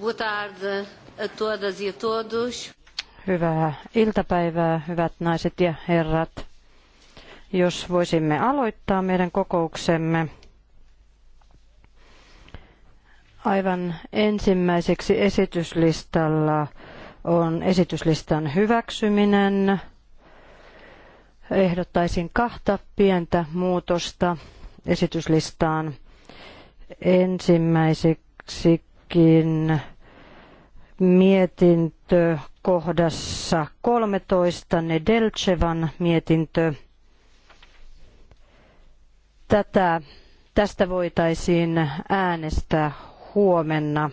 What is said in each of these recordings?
Boa tarde a todas e a todos. Hyvää iltapäivää, hyvät naiset ja herrat. Jos voisimme aloittaa meidän kokouksemme. Aivan ensimmäiseksi esityslistalla on esityslistan hyväksyminen. Ehdottaisin kahta pientä muutosta esityslistaan. Ensimmäiseksi Brokin mietintö kohdassa 13, Nedelchevan mietintö. Tätä, tästä voitaisiin äänestää huomenna,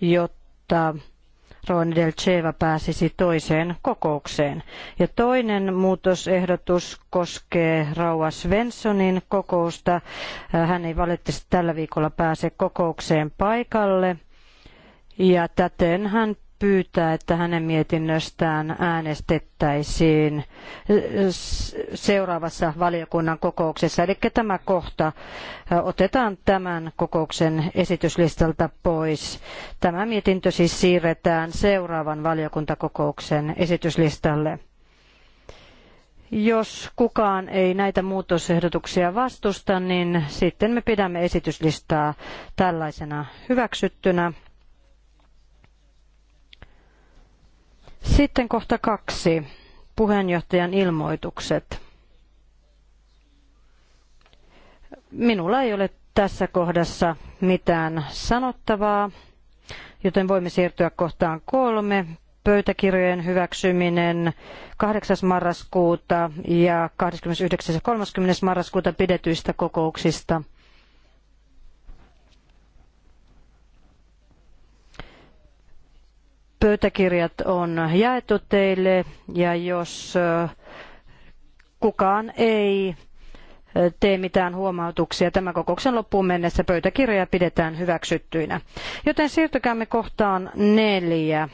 jotta Del Delceva pääsisi toiseen kokoukseen. Ja toinen muutosehdotus koskee Rauha Svenssonin kokousta. Äh, hän ei valitettavasti tällä viikolla pääse kokoukseen paikalle. Ja täten hän pyytää, että hänen mietinnöstään äänestettäisiin seuraavassa valiokunnan kokouksessa. Eli tämä kohta otetaan tämän kokouksen esityslistalta pois. Tämä mietintö siis siirretään seuraavan valiokuntakokouksen esityslistalle. Jos kukaan ei näitä muutosehdotuksia vastusta, niin sitten me pidämme esityslistaa tällaisena hyväksyttynä. Sitten kohta kaksi. Puheenjohtajan ilmoitukset. Minulla ei ole tässä kohdassa mitään sanottavaa, joten voimme siirtyä kohtaan kolme. Pöytäkirjojen hyväksyminen 8. marraskuuta ja 29. ja 30. marraskuuta pidetyistä kokouksista. Pöytäkirjat on jaettu teille ja jos kukaan ei tee mitään huomautuksia tämän kokouksen loppuun mennessä, pöytäkirjoja pidetään hyväksyttyinä. Joten siirtykäämme kohtaan neljä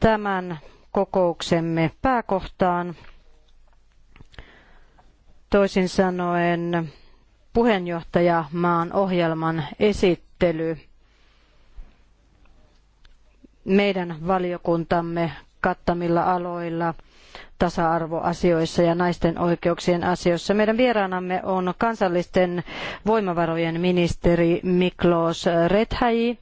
tämän kokouksemme pääkohtaan. Toisin sanoen puheenjohtajamaan ohjelman esittely meidän valiokuntamme kattamilla aloilla tasa-arvoasioissa ja naisten oikeuksien asioissa. Meidän vieraanamme on kansallisten voimavarojen ministeri Miklos Rethäji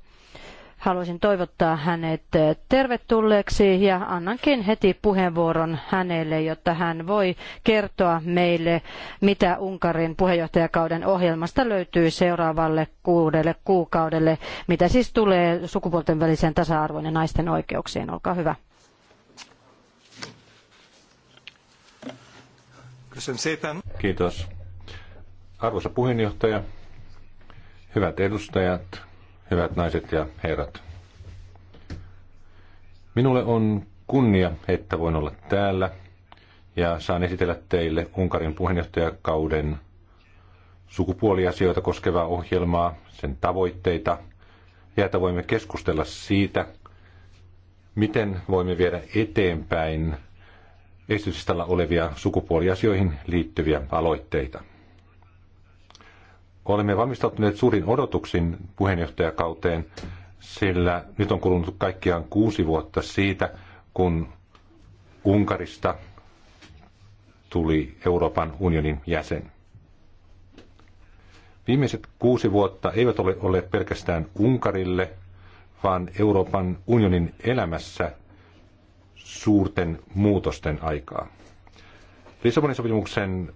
Haluaisin toivottaa hänet tervetulleeksi ja annankin heti puheenvuoron hänelle, jotta hän voi kertoa meille, mitä Unkarin puheenjohtajakauden ohjelmasta löytyy seuraavalle kuudelle kuukaudelle, mitä siis tulee sukupuolten väliseen tasa-arvoon ja naisten oikeuksiin. Olkaa hyvä. Kiitos. Arvoisa puheenjohtaja, hyvät edustajat, hyvät naiset ja herrat. Minulle on kunnia, että voin olla täällä ja saan esitellä teille Unkarin puheenjohtajakauden sukupuoliasioita koskevaa ohjelmaa, sen tavoitteita ja että voimme keskustella siitä, miten voimme viedä eteenpäin esityslistalla olevia sukupuoliasioihin liittyviä aloitteita. Olemme valmistautuneet suurin odotuksin puheenjohtajakauteen, sillä nyt on kulunut kaikkiaan kuusi vuotta siitä, kun Unkarista tuli Euroopan unionin jäsen. Viimeiset kuusi vuotta eivät ole olleet pelkästään Unkarille, vaan Euroopan unionin elämässä suurten muutosten aikaa. Lissabonin sopimuksen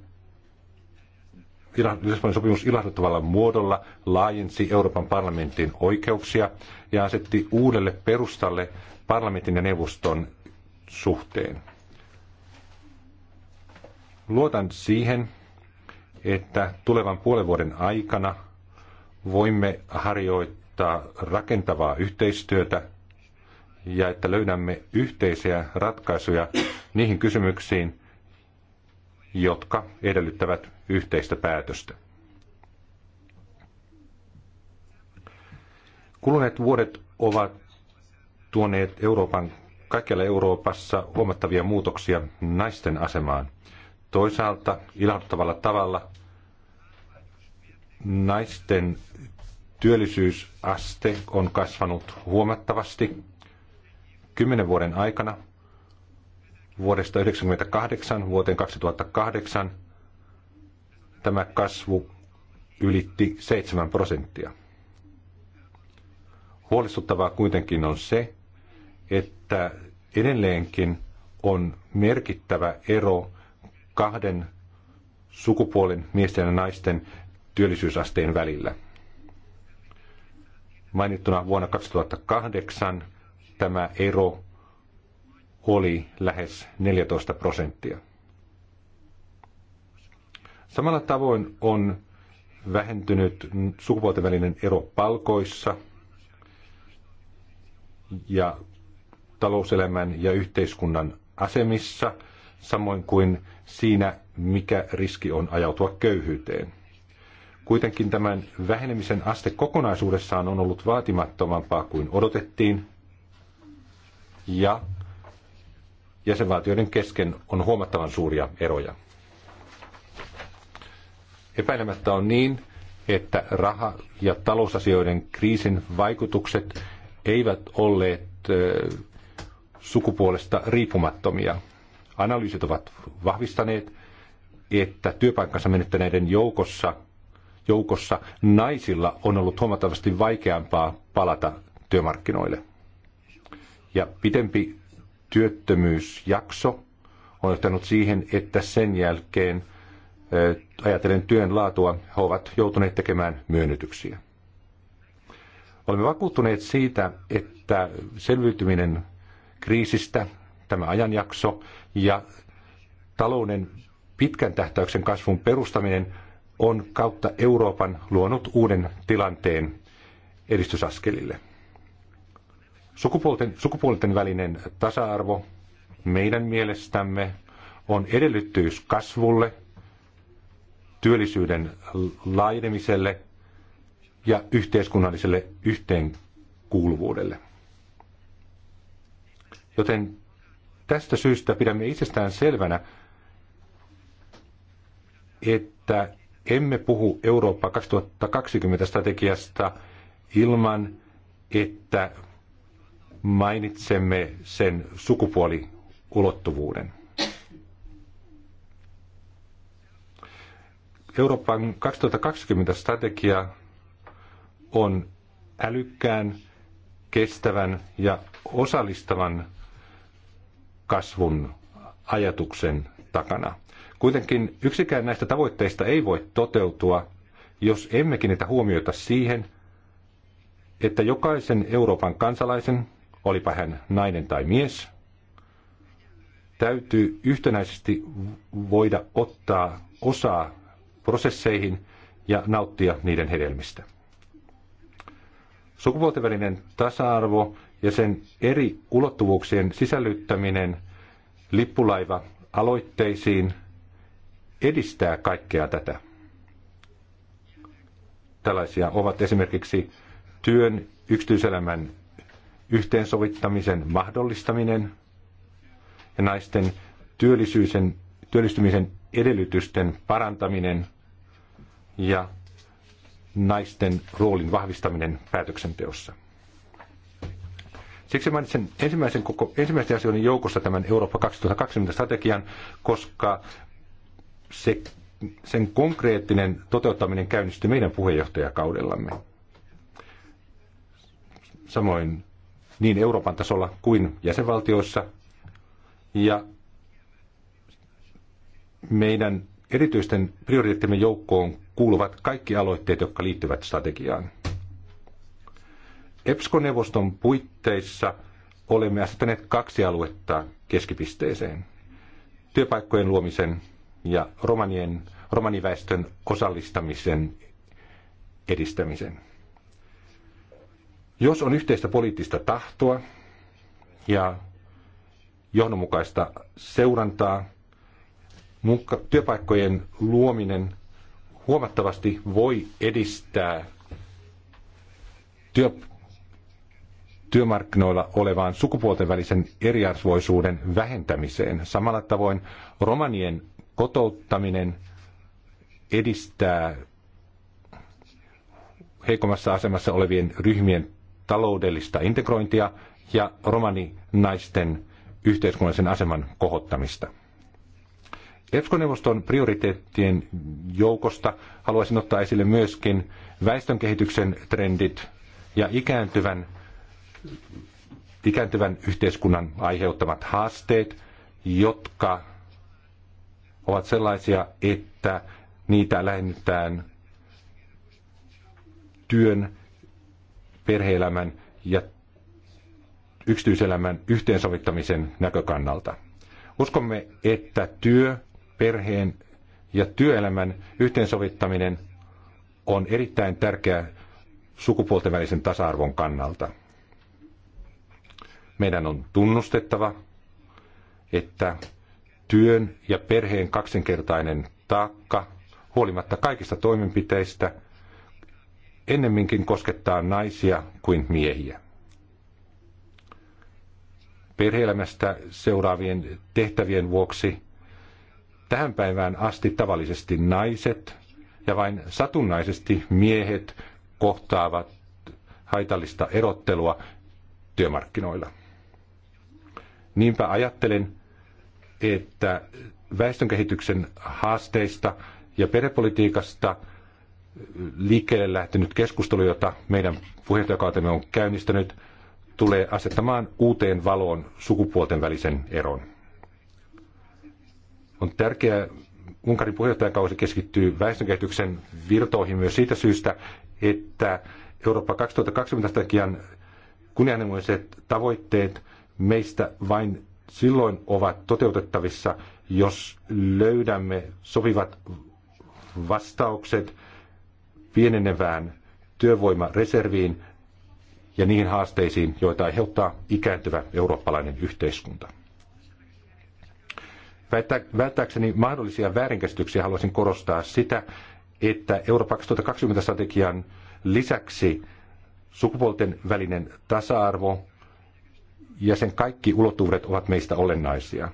Lissabonin sopimus ilahduttavalla muodolla laajensi Euroopan parlamentin oikeuksia ja asetti uudelle perustalle parlamentin ja neuvoston suhteen. Luotan siihen, että tulevan puolen vuoden aikana voimme harjoittaa rakentavaa yhteistyötä ja että löydämme yhteisiä ratkaisuja niihin kysymyksiin, jotka edellyttävät yhteistä päätöstä. Kuluneet vuodet ovat tuoneet Euroopan, kaikkialla Euroopassa huomattavia muutoksia naisten asemaan. Toisaalta ilahduttavalla tavalla naisten työllisyysaste on kasvanut huomattavasti. Kymmenen vuoden aikana vuodesta 1998 vuoteen 2008 tämä kasvu ylitti 7 prosenttia. Huolestuttavaa kuitenkin on se, että edelleenkin on merkittävä ero kahden sukupuolen miesten ja naisten työllisyysasteen välillä. Mainittuna vuonna 2008 tämä ero oli lähes 14 prosenttia. Samalla tavoin on vähentynyt sukupuolten välinen ero palkoissa ja talouselämän ja yhteiskunnan asemissa, samoin kuin siinä, mikä riski on ajautua köyhyyteen. Kuitenkin tämän vähenemisen aste kokonaisuudessaan on ollut vaatimattomampaa kuin odotettiin, ja jäsenvaltioiden kesken on huomattavan suuria eroja. Epäilemättä on niin, että raha- ja talousasioiden kriisin vaikutukset eivät olleet sukupuolesta riippumattomia. Analyysit ovat vahvistaneet, että työpaikkansa menettäneiden joukossa, joukossa naisilla on ollut huomattavasti vaikeampaa palata työmarkkinoille. Ja pitempi työttömyysjakso on johtanut siihen, että sen jälkeen ajatellen työn laatua, he ovat joutuneet tekemään myönnytyksiä. Olemme vakuuttuneet siitä, että selviytyminen kriisistä, tämä ajanjakso ja talouden pitkän tähtäyksen kasvun perustaminen on kautta Euroopan luonut uuden tilanteen edistysaskelille. Sukupuolten, sukupuolten välinen tasa-arvo meidän mielestämme on edellyttyys kasvulle – työllisyyden laajenemiselle ja yhteiskunnalliselle yhteenkuuluvuudelle. Joten tästä syystä pidämme itsestään selvänä, että emme puhu Eurooppa 2020 strategiasta ilman, että mainitsemme sen sukupuoliulottuvuuden. Euroopan 2020 strategia on älykkään, kestävän ja osallistavan kasvun ajatuksen takana. Kuitenkin yksikään näistä tavoitteista ei voi toteutua, jos emme kiinnitä huomiota siihen, että jokaisen Euroopan kansalaisen, olipa hän nainen tai mies, täytyy yhtenäisesti voida ottaa osaa prosesseihin ja nauttia niiden hedelmistä. Sukupuolten välinen tasa-arvo ja sen eri ulottuvuuksien sisällyttäminen lippulaiva aloitteisiin edistää kaikkea tätä. Tällaisia ovat esimerkiksi työn yksityiselämän yhteensovittamisen mahdollistaminen ja naisten työllisyysen, työllistymisen edellytysten parantaminen ja naisten roolin vahvistaminen päätöksenteossa. Siksi mainitsen ensimmäisen koko, ensimmäisen asioiden joukossa tämän Eurooppa 2020-strategian, koska se, sen konkreettinen toteuttaminen käynnistyi meidän puheenjohtajakaudellamme. Samoin niin Euroopan tasolla kuin jäsenvaltioissa. Ja meidän erityisten prioriteettimme joukkoon kuuluvat kaikki aloitteet, jotka liittyvät strategiaan. EPSCO-neuvoston puitteissa olemme asettaneet kaksi aluetta keskipisteeseen. Työpaikkojen luomisen ja romanien, romaniväestön osallistamisen edistämisen. Jos on yhteistä poliittista tahtoa ja johdonmukaista seurantaa, työpaikkojen luominen huomattavasti voi edistää työ, työmarkkinoilla olevaan sukupuolten välisen eriarvoisuuden vähentämiseen. Samalla tavoin romanien kotouttaminen edistää heikommassa asemassa olevien ryhmien taloudellista integrointia ja romaninaisten yhteiskunnallisen aseman kohottamista. EFSCO-neuvoston prioriteettien joukosta haluaisin ottaa esille myöskin väestönkehityksen trendit ja ikääntyvän, ikääntyvän yhteiskunnan aiheuttamat haasteet, jotka ovat sellaisia, että niitä lähennetään työn, perheelämän ja yksityiselämän yhteensovittamisen näkökannalta. Uskomme, että työ perheen ja työelämän yhteensovittaminen on erittäin tärkeää sukupuolten välisen tasa-arvon kannalta. Meidän on tunnustettava, että työn ja perheen kaksinkertainen taakka, huolimatta kaikista toimenpiteistä, ennemminkin koskettaa naisia kuin miehiä. Perheelämästä seuraavien tehtävien vuoksi Tähän päivään asti tavallisesti naiset ja vain satunnaisesti miehet kohtaavat haitallista erottelua työmarkkinoilla. Niinpä ajattelen, että väestönkehityksen haasteista ja perhepolitiikasta liikkeelle lähtenyt keskustelu, jota meidän puheenjohtajakautemme on käynnistänyt, tulee asettamaan uuteen valoon sukupuolten välisen eron. On tärkeää, Unkarin puheenjohtajakausi keskittyy väestönkehityksen virtoihin myös siitä syystä, että Eurooppa 2020 strategian kunnianhimoiset tavoitteet meistä vain silloin ovat toteutettavissa, jos löydämme sopivat vastaukset pienenevään työvoimareserviin ja niihin haasteisiin, joita aiheuttaa ikääntyvä eurooppalainen yhteiskunta. Välttääkseni mahdollisia väärinkäsityksiä haluaisin korostaa sitä, että Eurooppa 2020-strategian lisäksi sukupuolten välinen tasa-arvo ja sen kaikki ulottuvuudet ovat meistä olennaisia.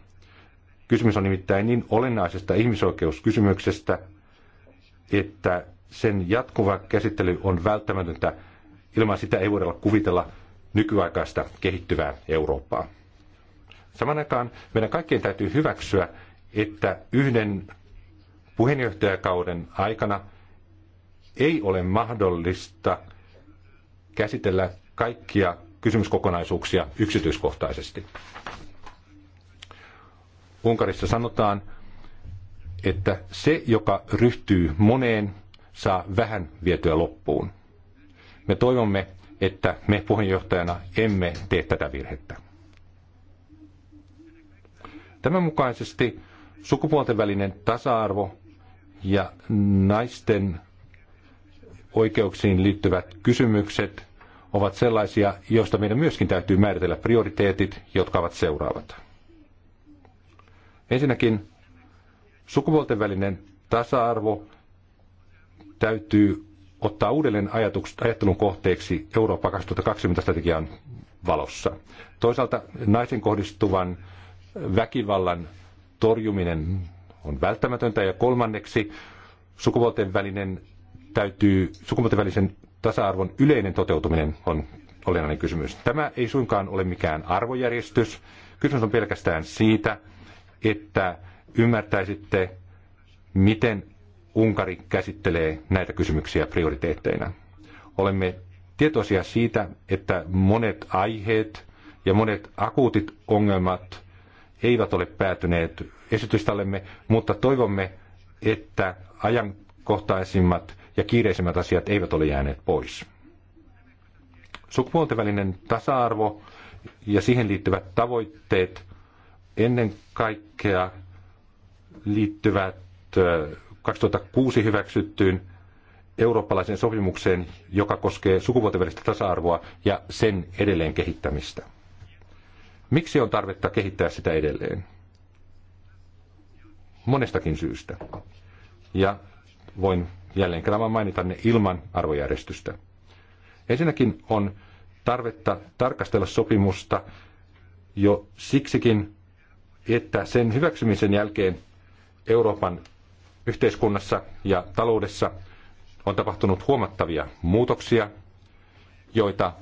Kysymys on nimittäin niin olennaisesta ihmisoikeuskysymyksestä, että sen jatkuva käsittely on välttämätöntä. Ilman sitä ei voida kuvitella nykyaikaista kehittyvää Eurooppaa. Saman aikaan meidän kaikkien täytyy hyväksyä, että yhden puheenjohtajakauden aikana ei ole mahdollista käsitellä kaikkia kysymyskokonaisuuksia yksityiskohtaisesti. Unkarissa sanotaan, että se, joka ryhtyy moneen, saa vähän vietyä loppuun. Me toivomme, että me puheenjohtajana emme tee tätä virhettä. Tämän mukaisesti sukupuolten välinen tasa-arvo ja naisten oikeuksiin liittyvät kysymykset ovat sellaisia, joista meidän myöskin täytyy määritellä prioriteetit, jotka ovat seuraavat. Ensinnäkin sukupuolten välinen tasa-arvo täytyy ottaa uudelleen ajattelun kohteeksi Eurooppa 2020 strategian valossa. Toisaalta naisen kohdistuvan väkivallan torjuminen on välttämätöntä ja kolmanneksi sukupuolten välinen täytyy, sukupuolten välisen tasa-arvon yleinen toteutuminen on olennainen kysymys. Tämä ei suinkaan ole mikään arvojärjestys. Kysymys on pelkästään siitä, että ymmärtäisitte, miten Unkari käsittelee näitä kysymyksiä prioriteetteina. Olemme tietoisia siitä, että monet aiheet ja monet akuutit ongelmat eivät ole päätyneet esitystallemme, mutta toivomme, että ajankohtaisimmat ja kiireisimmät asiat eivät ole jääneet pois. Sukupuolten välinen tasa-arvo ja siihen liittyvät tavoitteet ennen kaikkea liittyvät 2006 hyväksyttyyn eurooppalaiseen sopimukseen, joka koskee sukupuolten välistä tasa-arvoa ja sen edelleen kehittämistä. Miksi on tarvetta kehittää sitä edelleen? Monestakin syystä. Ja voin jälleen kerran mainita ne ilman arvojärjestystä. Ensinnäkin on tarvetta tarkastella sopimusta jo siksikin, että sen hyväksymisen jälkeen Euroopan yhteiskunnassa ja taloudessa on tapahtunut huomattavia muutoksia, joita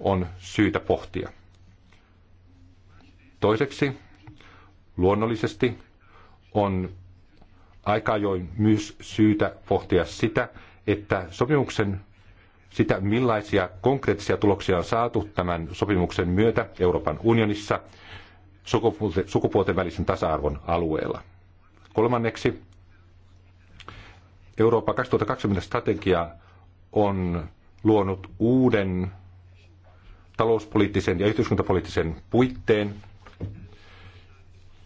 on syytä pohtia. Toiseksi, luonnollisesti on aika ajoin myös syytä pohtia sitä, että sopimuksen sitä, millaisia konkreettisia tuloksia on saatu tämän sopimuksen myötä Euroopan unionissa sukupuolten välisen tasa-arvon alueella. Kolmanneksi, Eurooppa 2020 strategia on luonut uuden talouspoliittisen ja yhteiskuntapoliittisen puitteen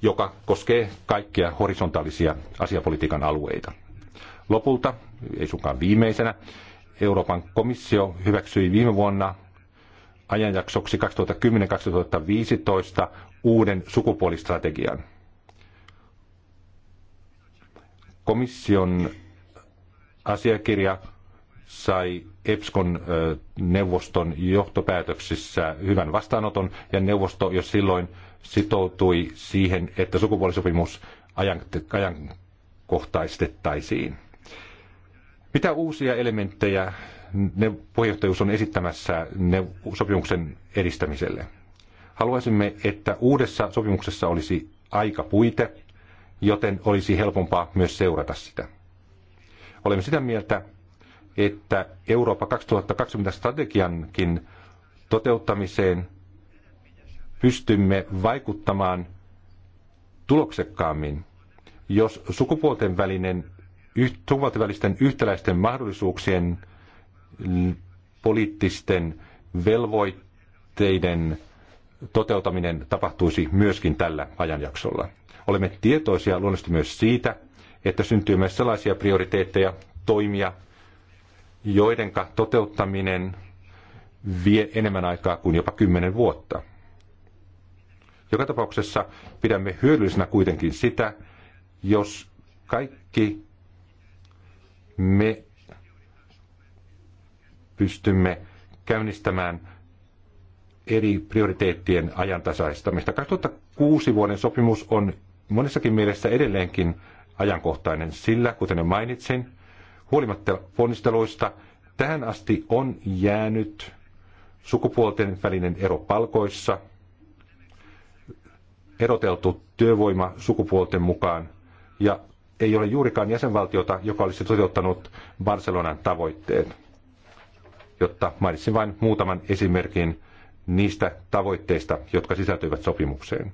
joka koskee kaikkia horisontaalisia asiapolitiikan alueita. Lopulta, ei suinkaan viimeisenä, Euroopan komissio hyväksyi viime vuonna ajanjaksoksi 2010-2015 uuden sukupuolistrategian. Komission asiakirja sai Epskon neuvoston johtopäätöksissä hyvän vastaanoton ja neuvosto jo silloin sitoutui siihen, että sukupuolisopimus ajankohtaistettaisiin. Mitä uusia elementtejä ne puheenjohtajuus on esittämässä ne sopimuksen edistämiselle? Haluaisimme, että uudessa sopimuksessa olisi aika puite, joten olisi helpompaa myös seurata sitä. Olemme sitä mieltä, että Eurooppa 2020 strategiankin toteuttamiseen – pystymme vaikuttamaan tuloksekkaammin, jos sukupuolten, välinen, sukupuolten välisten yhtäläisten mahdollisuuksien poliittisten velvoitteiden toteutaminen tapahtuisi myöskin tällä ajanjaksolla. Olemme tietoisia luonnollisesti myös siitä, että syntyy myös sellaisia prioriteetteja, toimia, joidenka toteuttaminen vie enemmän aikaa kuin jopa kymmenen vuotta. Joka tapauksessa pidämme hyödyllisenä kuitenkin sitä, jos kaikki me pystymme käynnistämään eri prioriteettien ajantasaistamista. 2006 vuoden sopimus on monessakin mielessä edelleenkin ajankohtainen, sillä, kuten jo mainitsin, huolimatta ponnisteluista, tähän asti on jäänyt sukupuolten välinen ero palkoissa – eroteltu työvoima sukupuolten mukaan ja ei ole juurikaan jäsenvaltiota, joka olisi toteuttanut Barcelonan tavoitteet. Jotta mainitsin vain muutaman esimerkin niistä tavoitteista, jotka sisältyivät sopimukseen.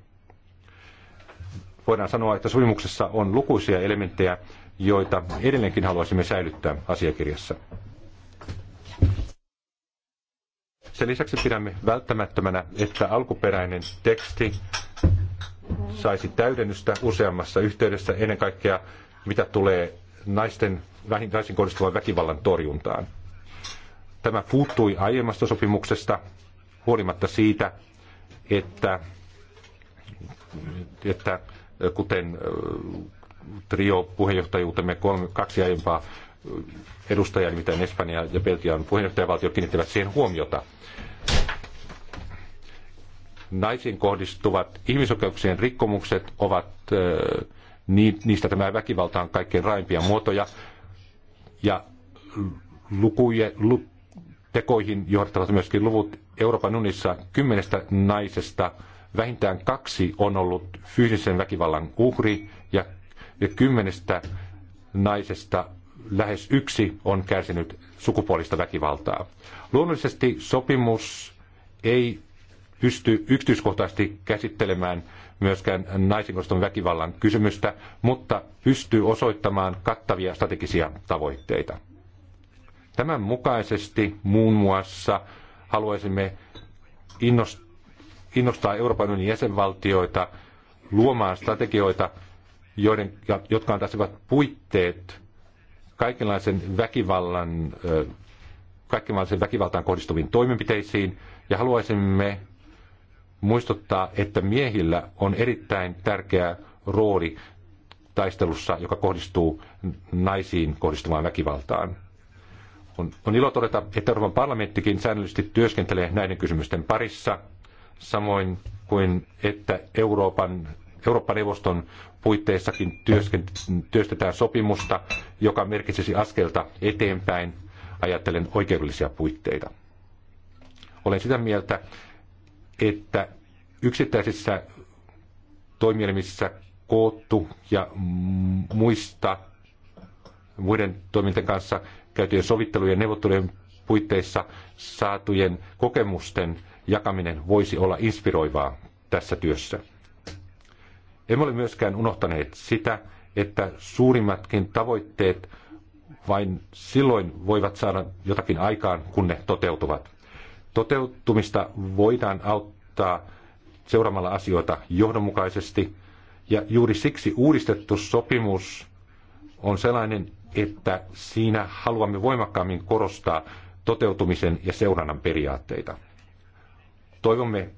Voidaan sanoa, että sopimuksessa on lukuisia elementtejä, joita edelleenkin haluaisimme säilyttää asiakirjassa. Sen lisäksi pidämme välttämättömänä, että alkuperäinen teksti saisi täydennystä useammassa yhteydessä, ennen kaikkea mitä tulee naisten, naisin kohdistuvan väkivallan torjuntaan. Tämä puuttui aiemmasta sopimuksesta huolimatta siitä, että, että kuten trio puheenjohtajuutemme kolme, kaksi aiempaa edustajaa, nimittäin Espanja ja Belgian puheenjohtajavaltio, kiinnittävät siihen huomiota naisiin kohdistuvat ihmisoikeuksien rikkomukset ovat, niistä tämä väkivalta on kaikkein raimpia muotoja. Ja lukuje, lu, tekoihin johtavat myöskin luvut Euroopan unissa kymmenestä naisesta vähintään kaksi on ollut fyysisen väkivallan uhri ja, ja kymmenestä naisesta lähes yksi on kärsinyt sukupuolista väkivaltaa. Luonnollisesti sopimus ei pysty yksityiskohtaisesti käsittelemään myöskään naisiin kohdistuvan väkivallan kysymystä, mutta pystyy osoittamaan kattavia strategisia tavoitteita. Tämän mukaisesti muun muassa haluaisimme innostaa Euroopan unionin jäsenvaltioita luomaan strategioita, joiden, jotka antaisivat puitteet kaikenlaisen väkivallan, kaikenlaisen väkivaltaan kohdistuviin toimenpiteisiin, ja haluaisimme muistuttaa, että miehillä on erittäin tärkeä rooli taistelussa, joka kohdistuu naisiin kohdistuvaan väkivaltaan. On, on ilo todeta, että Euroopan parlamenttikin säännöllisesti työskentelee näiden kysymysten parissa, samoin kuin että Euroopan Eurooppa-neuvoston puitteissakin työstetään sopimusta, joka merkitsisi askelta eteenpäin, ajatellen oikeudellisia puitteita. Olen sitä mieltä, että yksittäisissä toimielimissä koottu ja muista muiden toimintojen kanssa käytyjen sovittelujen ja neuvottelujen puitteissa saatujen kokemusten jakaminen voisi olla inspiroivaa tässä työssä. Emme ole myöskään unohtaneet sitä, että suurimmatkin tavoitteet vain silloin voivat saada jotakin aikaan, kun ne toteutuvat toteutumista voidaan auttaa seuraamalla asioita johdonmukaisesti. Ja juuri siksi uudistettu sopimus on sellainen, että siinä haluamme voimakkaammin korostaa toteutumisen ja seurannan periaatteita. Toivomme,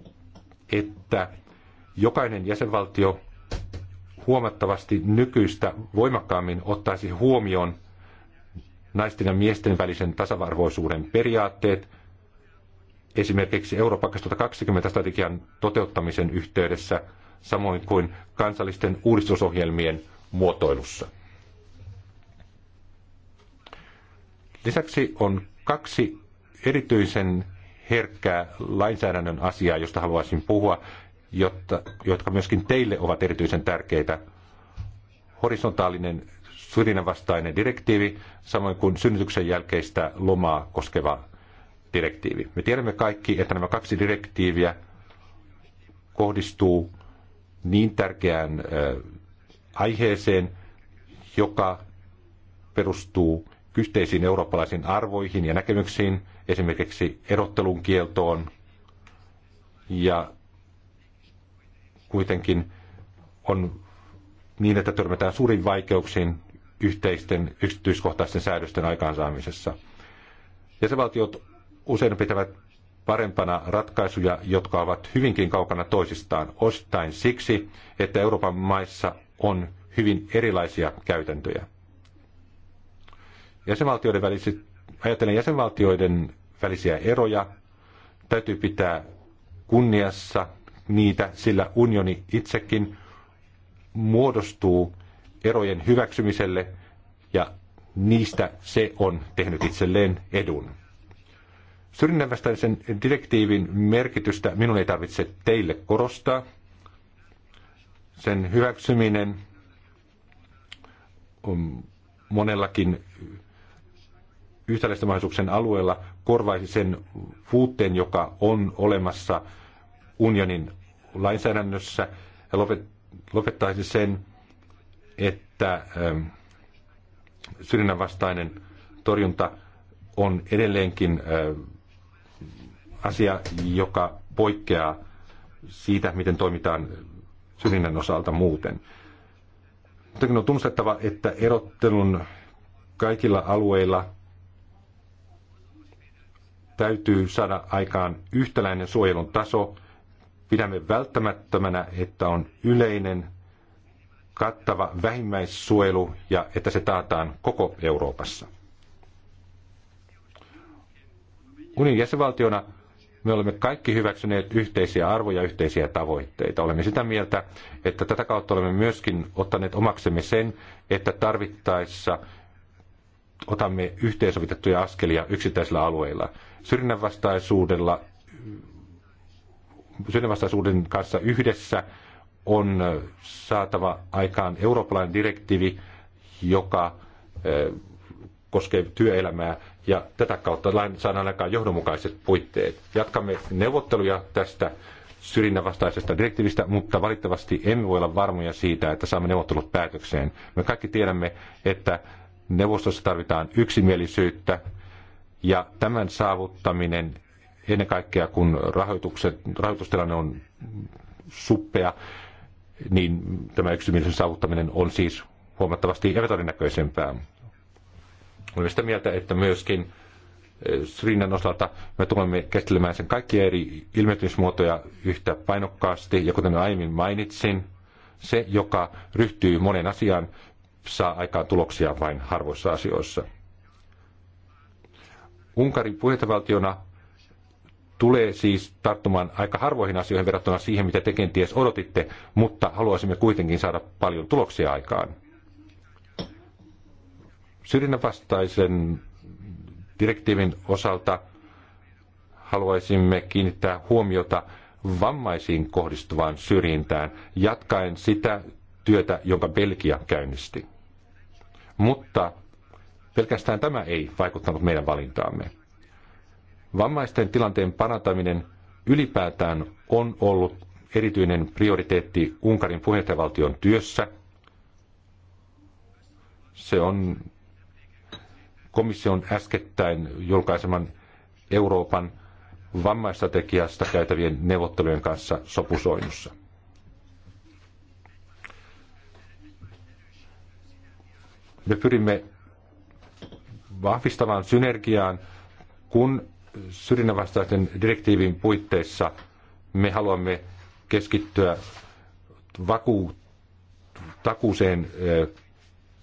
että jokainen jäsenvaltio huomattavasti nykyistä voimakkaammin ottaisi huomioon naisten ja miesten välisen tasavarvoisuuden periaatteet esimerkiksi Eurooppa 2020 strategian toteuttamisen yhteydessä, samoin kuin kansallisten uudistusohjelmien muotoilussa. Lisäksi on kaksi erityisen herkkää lainsäädännön asiaa, josta haluaisin puhua, jotta, jotka myöskin teille ovat erityisen tärkeitä. Horisontaalinen syrjinnän vastainen direktiivi, samoin kuin synnytyksen jälkeistä lomaa koskeva direktiivi. Me tiedämme kaikki, että nämä kaksi direktiiviä kohdistuu niin tärkeään aiheeseen, joka perustuu yhteisiin eurooppalaisiin arvoihin ja näkemyksiin, esimerkiksi erottelun kieltoon. Ja kuitenkin on niin, että törmätään suurin vaikeuksiin yhteisten yksityiskohtaisten säädösten aikaansaamisessa. Jäsenvaltiot usein pitävät parempana ratkaisuja, jotka ovat hyvinkin kaukana toisistaan, osittain siksi, että Euroopan maissa on hyvin erilaisia käytäntöjä. Jäsenvaltioiden väliset, ajatellen jäsenvaltioiden välisiä eroja, täytyy pitää kunniassa niitä, sillä unioni itsekin muodostuu erojen hyväksymiselle ja niistä se on tehnyt itselleen edun. Syrjinnänvastaisen direktiivin merkitystä minun ei tarvitse teille korostaa. Sen hyväksyminen on monellakin yhtäläisten mahdollisuuksien alueella korvaisi sen puutteen, joka on olemassa unionin lainsäädännössä ja lopettaisi sen, että ähm, syrjinnänvastainen torjunta on edelleenkin äh, asia, joka poikkeaa siitä, miten toimitaan syrjinnän osalta muuten. Mutta on tunnustettava, että erottelun kaikilla alueilla täytyy saada aikaan yhtäläinen suojelun taso. Pidämme välttämättömänä, että on yleinen, kattava vähimmäissuojelu ja että se taataan koko Euroopassa. Unionin jäsenvaltiona me olemme kaikki hyväksyneet yhteisiä arvoja, yhteisiä tavoitteita. Olemme sitä mieltä, että tätä kautta olemme myöskin ottaneet omaksemme sen, että tarvittaessa otamme yhteensovitettuja askelia yksittäisillä alueilla. Syrjinnänvastaisuudella, syrjinnänvastaisuuden kanssa yhdessä on saatava aikaan eurooppalainen direktiivi, joka eh, koskee työelämää ja tätä kautta saadaan aikaan johdonmukaiset puitteet. Jatkamme neuvotteluja tästä syrjinnän vastaisesta direktiivistä, mutta valitettavasti emme voi olla varmoja siitä, että saamme neuvottelut päätökseen. Me kaikki tiedämme, että neuvostossa tarvitaan yksimielisyyttä ja tämän saavuttaminen ennen kaikkea kun rahoitukset, rahoitustilanne on suppea, niin tämä yksimielisen saavuttaminen on siis huomattavasti epätodennäköisempää. Olen sitä mieltä, että myöskin eh, Srinnan osalta me tulemme käsittelemään sen kaikkia eri ilmestymismuotoja yhtä painokkaasti. Ja kuten aiemmin mainitsin, se, joka ryhtyy monen asiaan, saa aikaan tuloksia vain harvoissa asioissa. Unkari puheenjohtajavaltiona tulee siis tarttumaan aika harvoihin asioihin verrattuna siihen, mitä te kenties odotitte, mutta haluaisimme kuitenkin saada paljon tuloksia aikaan. Syrjinnän vastaisen direktiivin osalta haluaisimme kiinnittää huomiota vammaisiin kohdistuvaan syrjintään, jatkaen sitä työtä, jonka Belgia käynnisti. Mutta pelkästään tämä ei vaikuttanut meidän valintaamme. Vammaisten tilanteen parantaminen ylipäätään on ollut erityinen prioriteetti Unkarin puheenjohtajavaltion työssä. Se on komission äskettäin julkaiseman Euroopan vammaistrategiasta käytävien neuvottelujen kanssa sopusoinnussa. Me pyrimme vahvistamaan synergiaan, kun syrjinnänvastaisen direktiivin puitteissa me haluamme keskittyä vakuut, takuuseen eh,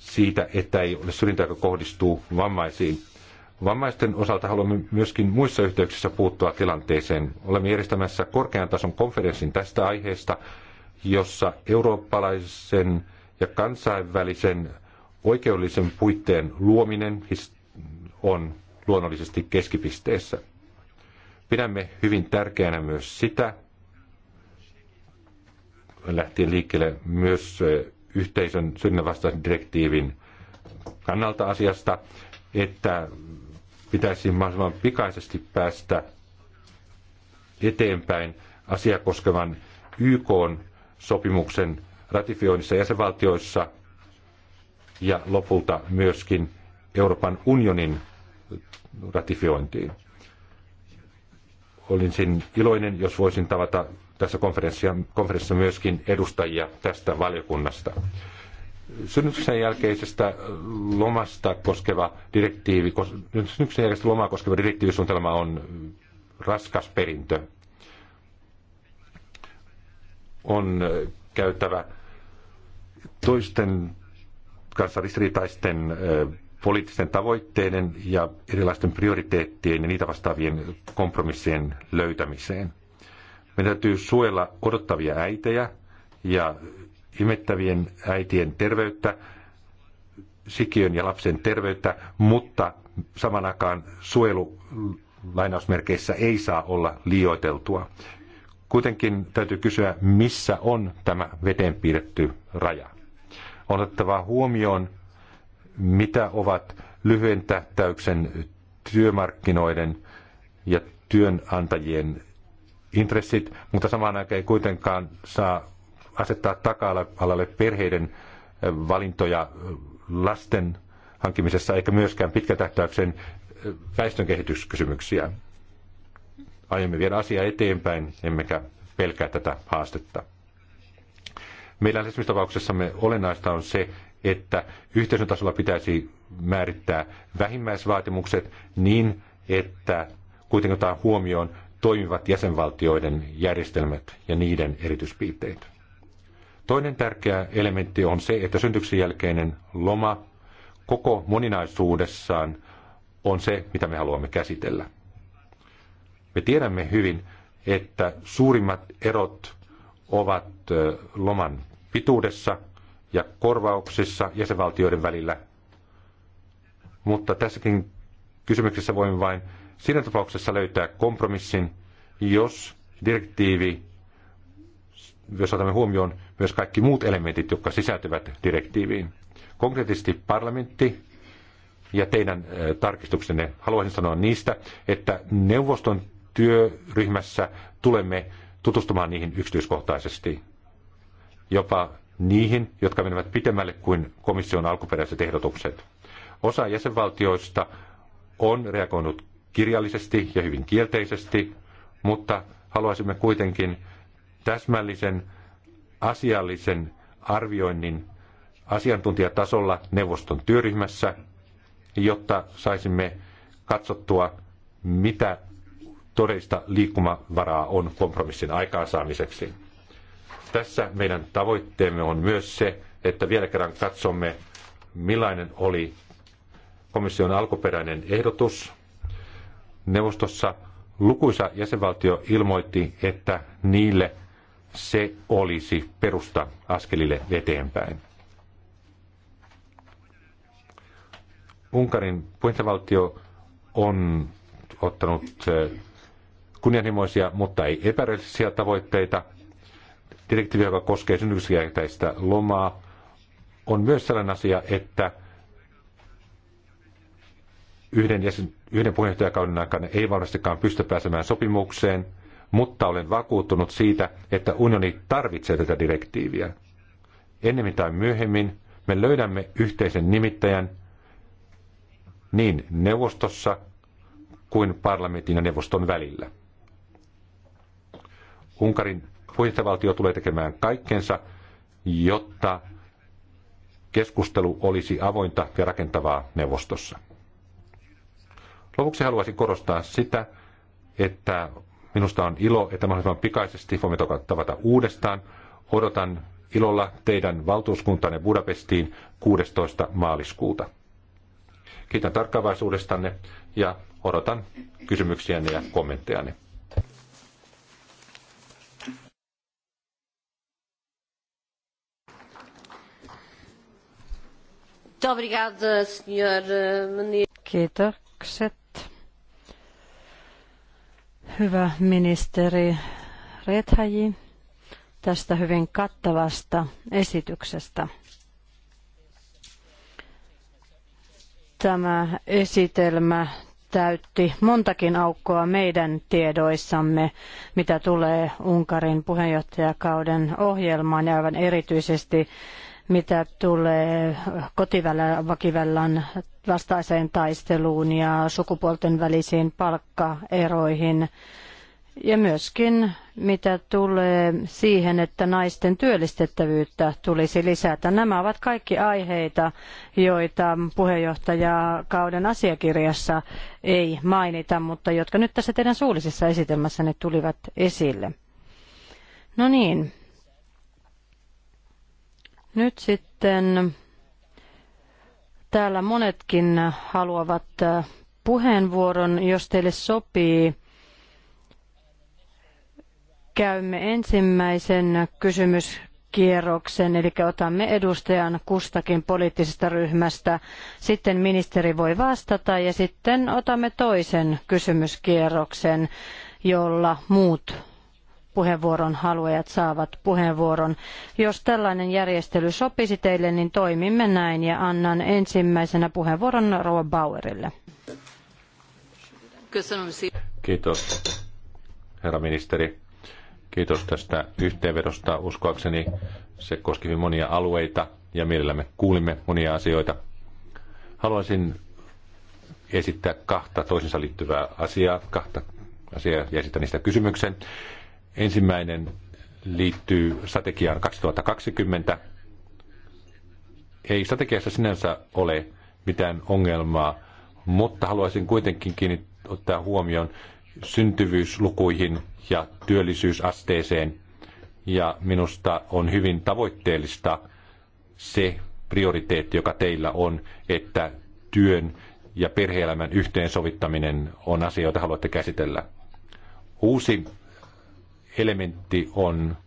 siitä, että ei ole syrjintää, joka kohdistuu vammaisiin. Vammaisten osalta haluamme myöskin muissa yhteyksissä puuttua tilanteeseen. Olemme järjestämässä korkean tason konferenssin tästä aiheesta, jossa eurooppalaisen ja kansainvälisen oikeudellisen puitteen luominen on luonnollisesti keskipisteessä. Pidämme hyvin tärkeänä myös sitä, lähtien liikkeelle myös yhteisön synnävastaisen direktiivin kannalta asiasta, että pitäisi mahdollisimman pikaisesti päästä eteenpäin asia koskevan YK-sopimuksen ratifioinnissa jäsenvaltioissa ja lopulta myöskin Euroopan unionin ratifiointiin. Olisin iloinen, jos voisin tavata tässä konferenssissa myöskin edustajia tästä valiokunnasta. Synnytyksen jälkeisestä lomasta koskeva direktiivi, synnytyksen jälkeistä lomaa koskeva direktiivisuunnitelma on raskas perintö. On käytävä toisten kanssa ristiriitaisten poliittisten tavoitteiden ja erilaisten prioriteettien ja niitä vastaavien kompromissien löytämiseen. Meidän täytyy suojella odottavia äitejä ja imettävien äitien terveyttä, sikiön ja lapsen terveyttä, mutta samanakaan suojelu lainausmerkeissä ei saa olla liioiteltua. Kuitenkin täytyy kysyä, missä on tämä veteen piirretty raja. On otettava huomioon, mitä ovat lyhyen tähtäyksen työmarkkinoiden ja työnantajien intressit, mutta samaan aikaan ei kuitenkaan saa asettaa taka-alalle perheiden valintoja lasten hankkimisessa, eikä myöskään pitkätähtäyksen väestönkehityskysymyksiä. Aiemmin viedä asiaa eteenpäin, emmekä pelkää tätä haastetta. Meidän lähestymistapauksessamme olennaista on se, että yhteisön tasolla pitäisi määrittää vähimmäisvaatimukset niin, että kuitenkin otetaan huomioon toimivat jäsenvaltioiden järjestelmät ja niiden erityispiirteet. Toinen tärkeä elementti on se, että syntyksen jälkeinen loma koko moninaisuudessaan on se, mitä me haluamme käsitellä. Me tiedämme hyvin, että suurimmat erot ovat loman pituudessa ja korvauksissa jäsenvaltioiden välillä, mutta tässäkin kysymyksessä voimme vain siinä tapauksessa löytää kompromissin, jos direktiivi, jos otamme huomioon myös kaikki muut elementit, jotka sisältyvät direktiiviin. Konkreettisesti parlamentti ja teidän äh, tarkistuksenne, haluaisin sanoa niistä, että neuvoston työryhmässä tulemme tutustumaan niihin yksityiskohtaisesti, jopa niihin, jotka menevät pitemmälle kuin komission alkuperäiset ehdotukset. Osa jäsenvaltioista on reagoinut kirjallisesti ja hyvin kielteisesti, mutta haluaisimme kuitenkin täsmällisen asiallisen arvioinnin asiantuntijatasolla neuvoston työryhmässä, jotta saisimme katsottua, mitä todellista liikkumavaraa on kompromissin aikaansaamiseksi. Tässä meidän tavoitteemme on myös se, että vielä kerran katsomme, millainen oli komission alkuperäinen ehdotus Neuvostossa lukuisa jäsenvaltio ilmoitti, että niille se olisi perusta askelille eteenpäin. Unkarin puheenjohtajavaltio on ottanut eh, kunnianhimoisia, mutta ei epärealistisia tavoitteita. Direktiivi, joka koskee synnytysjälkeistä lomaa, on myös sellainen asia, että yhden jäsen, yhden puheenjohtajakauden aikana ei varmastikaan pysty pääsemään sopimukseen, mutta olen vakuuttunut siitä, että unioni tarvitsee tätä direktiiviä. Ennemmin tai myöhemmin me löydämme yhteisen nimittäjän niin neuvostossa kuin parlamentin ja neuvoston välillä. Unkarin puheenjohtajavaltio tulee tekemään kaikkensa, jotta keskustelu olisi avointa ja rakentavaa neuvostossa. Lopuksi haluaisin korostaa sitä, että minusta on ilo, että mahdollisimman pikaisesti voimme tavata uudestaan. Odotan ilolla teidän valtuuskuntanne Budapestiin 16. maaliskuuta. Kiitän tarkkaavaisuudestanne ja odotan kysymyksiänne ja kommenttejanne. Eh, Kiitokset Hyvä ministeri Rethaji tästä hyvin kattavasta esityksestä. Tämä esitelmä täytti montakin aukkoa meidän tiedoissamme, mitä tulee Unkarin puheenjohtajakauden ohjelmaan ja aivan erityisesti mitä tulee kotiväkivallan vastaiseen taisteluun ja sukupuolten välisiin palkkaeroihin. Ja myöskin mitä tulee siihen, että naisten työllistettävyyttä tulisi lisätä. Nämä ovat kaikki aiheita, joita puheenjohtajakauden asiakirjassa ei mainita, mutta jotka nyt tässä teidän suullisessa esitelmässänne tulivat esille. No niin, nyt sitten täällä monetkin haluavat äh, puheenvuoron, jos teille sopii. Käymme ensimmäisen kysymyskierroksen, eli otamme edustajan kustakin poliittisesta ryhmästä. Sitten ministeri voi vastata ja sitten otamme toisen kysymyskierroksen, jolla muut puheenvuoron haluajat saavat puheenvuoron. Jos tällainen järjestely sopisi teille, niin toimimme näin ja annan ensimmäisenä puheenvuoron Rova Bauerille. Kiitos, herra ministeri. Kiitos tästä yhteenvedosta. Uskoakseni se koski hyvin monia alueita ja mielellämme kuulimme monia asioita. Haluaisin esittää kahta toisensa liittyvää asiaa, kahta asiaa ja esittää niistä kysymyksen. Ensimmäinen liittyy strategiaan 2020. Ei strategiassa sinänsä ole mitään ongelmaa, mutta haluaisin kuitenkin kiinnittää huomioon syntyvyyslukuihin ja työllisyysasteeseen. Ja minusta on hyvin tavoitteellista se prioriteetti, joka teillä on, että työn ja perheelämän yhteensovittaminen on asia, jota haluatte käsitellä. Uusi elementti on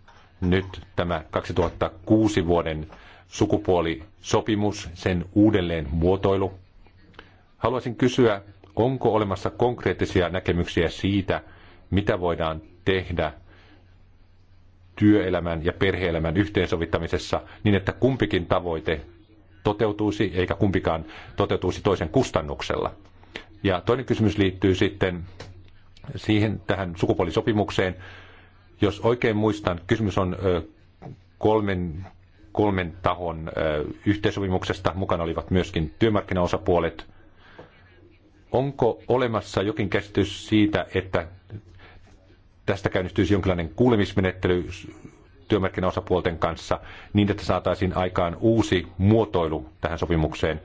nyt tämä 2006 vuoden sukupuolisopimus, sen uudelleen muotoilu. Haluaisin kysyä, onko olemassa konkreettisia näkemyksiä siitä, mitä voidaan tehdä työelämän ja perheelämän yhteensovittamisessa niin, että kumpikin tavoite toteutuisi eikä kumpikaan toteutuisi toisen kustannuksella. Ja toinen kysymys liittyy sitten siihen tähän sukupuolisopimukseen. Jos oikein muistan, kysymys on kolmen, kolmen tahon yhteisopimuksesta. Mukana olivat myöskin työmarkkinaosapuolet. Onko olemassa jokin käsitys siitä, että tästä käynnistyisi jonkinlainen kuulemismenettely työmarkkinaosapuolten kanssa niin, että saataisiin aikaan uusi muotoilu tähän sopimukseen.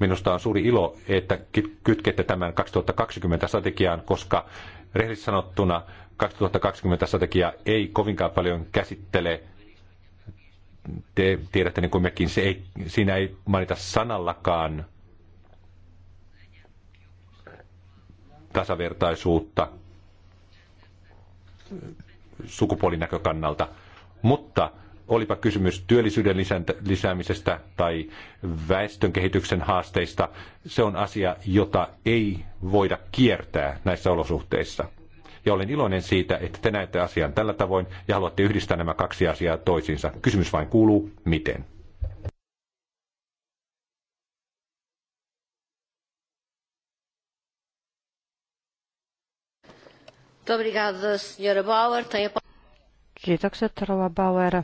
Minusta on suuri ilo, että kytkette tämän 2020 strategiaan, koska rehellisesti sanottuna 2020 strategia ei kovinkaan paljon käsittele te tiedätte niin kuin mekin, se ei, siinä ei mainita sanallakaan tasavertaisuutta sukupuolinäkökannalta. Mutta olipa kysymys työllisyyden lisäämisestä tai väestön kehityksen haasteista, se on asia, jota ei voida kiertää näissä olosuhteissa ja olen iloinen siitä, että te näette asian tällä tavoin ja haluatte yhdistää nämä kaksi asiaa toisiinsa. Kysymys vain kuuluu, miten? Kiitokset, Rova Bauer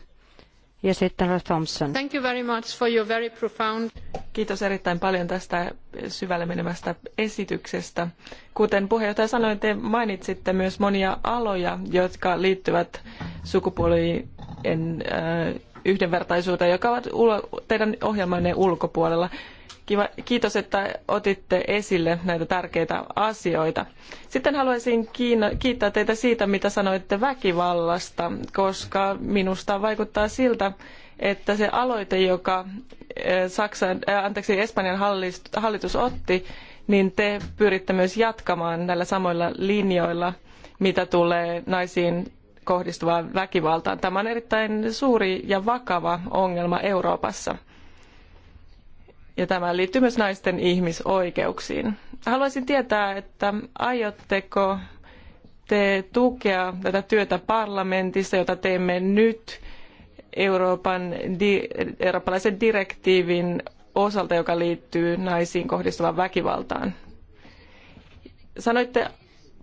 ja sitten Thompson. Thank you very much for your very profound... Kiitos erittäin paljon tästä syvälle menemästä esityksestä. Kuten puheenjohtaja sanoi, te mainitsitte myös monia aloja, jotka liittyvät sukupuolien äh, yhdenvertaisuuteen, joka ovat teidän ohjelmanne ulkopuolella. Kiva, kiitos, että otitte esille näitä tärkeitä asioita. Sitten haluaisin kiittää teitä siitä, mitä sanoitte väkivallasta, koska minusta vaikuttaa siltä, että se aloite, joka eh, Saksan, eh, anteeksi, Espanjan hallitus, hallitus otti, niin te pyritte myös jatkamaan näillä samoilla linjoilla, mitä tulee naisiin kohdistuvaan väkivaltaan. Tämä on erittäin suuri ja vakava ongelma Euroopassa ja tämä liittyy myös naisten ihmisoikeuksiin. Haluaisin tietää, että aiotteko te tukea tätä työtä parlamentissa, jota teemme nyt Euroopan di- eurooppalaisen direktiivin osalta, joka liittyy naisiin kohdistuvaan väkivaltaan. Sanoitte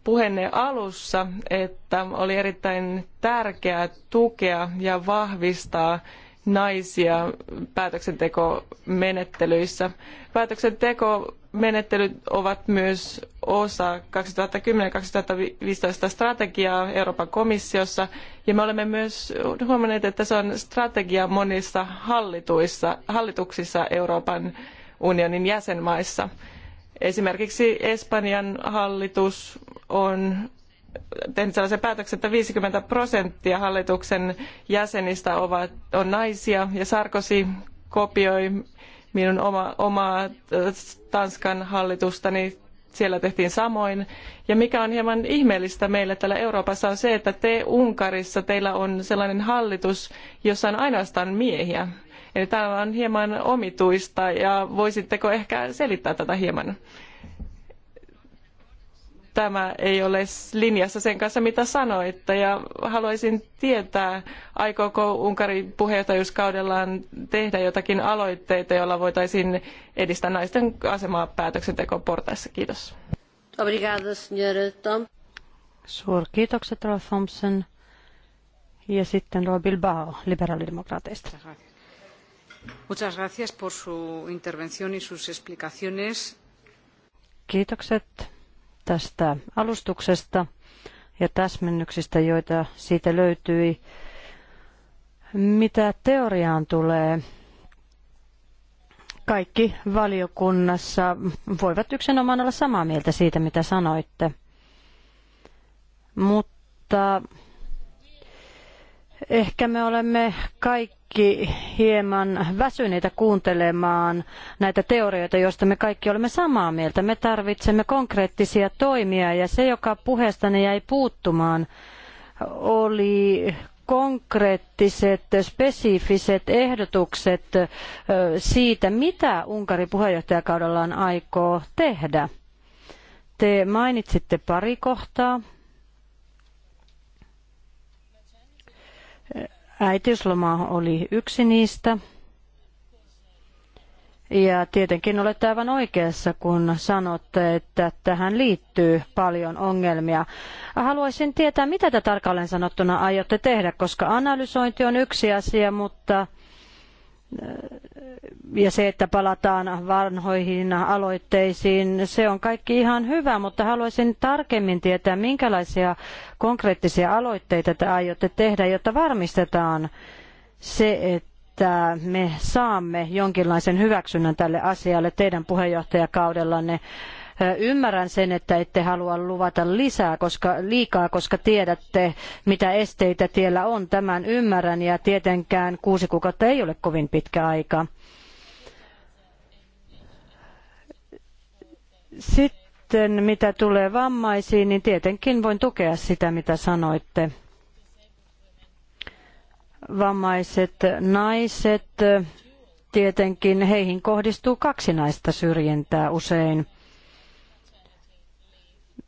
puheenne alussa, että oli erittäin tärkeää tukea ja vahvistaa naisia päätöksentekomenettelyissä. Päätöksentekomenettelyt ovat myös osa 2010-2015 strategiaa Euroopan komissiossa ja me olemme myös huomanneet, että se on strategia monissa hallituissa, hallituksissa Euroopan unionin jäsenmaissa. Esimerkiksi Espanjan hallitus on tehnyt sellaisen päätöksen, että 50 prosenttia hallituksen jäsenistä ovat, on naisia ja Sarkozy kopioi minun oma, omaa Tanskan hallitustani siellä tehtiin samoin. Ja mikä on hieman ihmeellistä meille täällä Euroopassa on se, että te Unkarissa teillä on sellainen hallitus, jossa on ainoastaan miehiä. Eli tämä on hieman omituista ja voisitteko ehkä selittää tätä hieman? tämä ei ole linjassa sen kanssa, mitä sanoitte. Ja haluaisin tietää, aikooko Unkarin puheenjohtajuuskaudellaan tehdä jotakin aloitteita, joilla voitaisiin edistää naisten asemaa päätöksentekoportaissa. Kiitos. Obrigado, signora Tom. Suurkiitokset, Rova Thompson. Ja sitten Rova Bilbao, liberaalidemokraateista. Muchas gracias por su intervención y sus explicaciones. Kiitokset tästä alustuksesta ja täsmennyksistä, joita siitä löytyi. Mitä teoriaan tulee, kaikki valiokunnassa voivat yksinomaan olla samaa mieltä siitä, mitä sanoitte. Mutta ehkä me olemme kaikki kaikki hieman väsyneitä kuuntelemaan näitä teorioita, joista me kaikki olemme samaa mieltä. Me tarvitsemme konkreettisia toimia ja se, joka puheestani jäi puuttumaan, oli konkreettiset, spesifiset ehdotukset siitä, mitä Unkari puheenjohtajakaudellaan aikoo tehdä. Te mainitsitte pari kohtaa. Äitiysloma oli yksi niistä. Ja tietenkin olette aivan oikeassa, kun sanotte, että tähän liittyy paljon ongelmia. Haluaisin tietää, mitä te tarkalleen sanottuna aiotte tehdä, koska analysointi on yksi asia, mutta ja se, että palataan vanhoihin aloitteisiin, se on kaikki ihan hyvä, mutta haluaisin tarkemmin tietää, minkälaisia konkreettisia aloitteita te aiotte tehdä, jotta varmistetaan se, että me saamme jonkinlaisen hyväksynnän tälle asialle teidän puheenjohtajakaudellanne. Ymmärrän sen, että ette halua luvata lisää, koska, liikaa, koska tiedätte, mitä esteitä tiellä on. Tämän ymmärrän ja tietenkään kuusi kuukautta ei ole kovin pitkä aika. Sitten mitä tulee vammaisiin, niin tietenkin voin tukea sitä, mitä sanoitte. Vammaiset naiset, tietenkin heihin kohdistuu kaksinaista syrjintää usein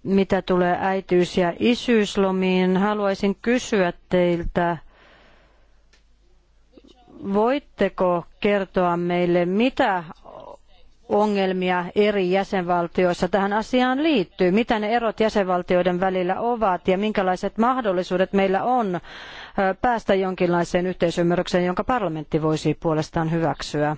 mitä tulee äitiys- ja isyyslomiin, haluaisin kysyä teiltä, voitteko kertoa meille, mitä ongelmia eri jäsenvaltioissa tähän asiaan liittyy, mitä ne erot jäsenvaltioiden välillä ovat ja minkälaiset mahdollisuudet meillä on päästä jonkinlaiseen yhteisymmärrykseen, jonka parlamentti voisi puolestaan hyväksyä.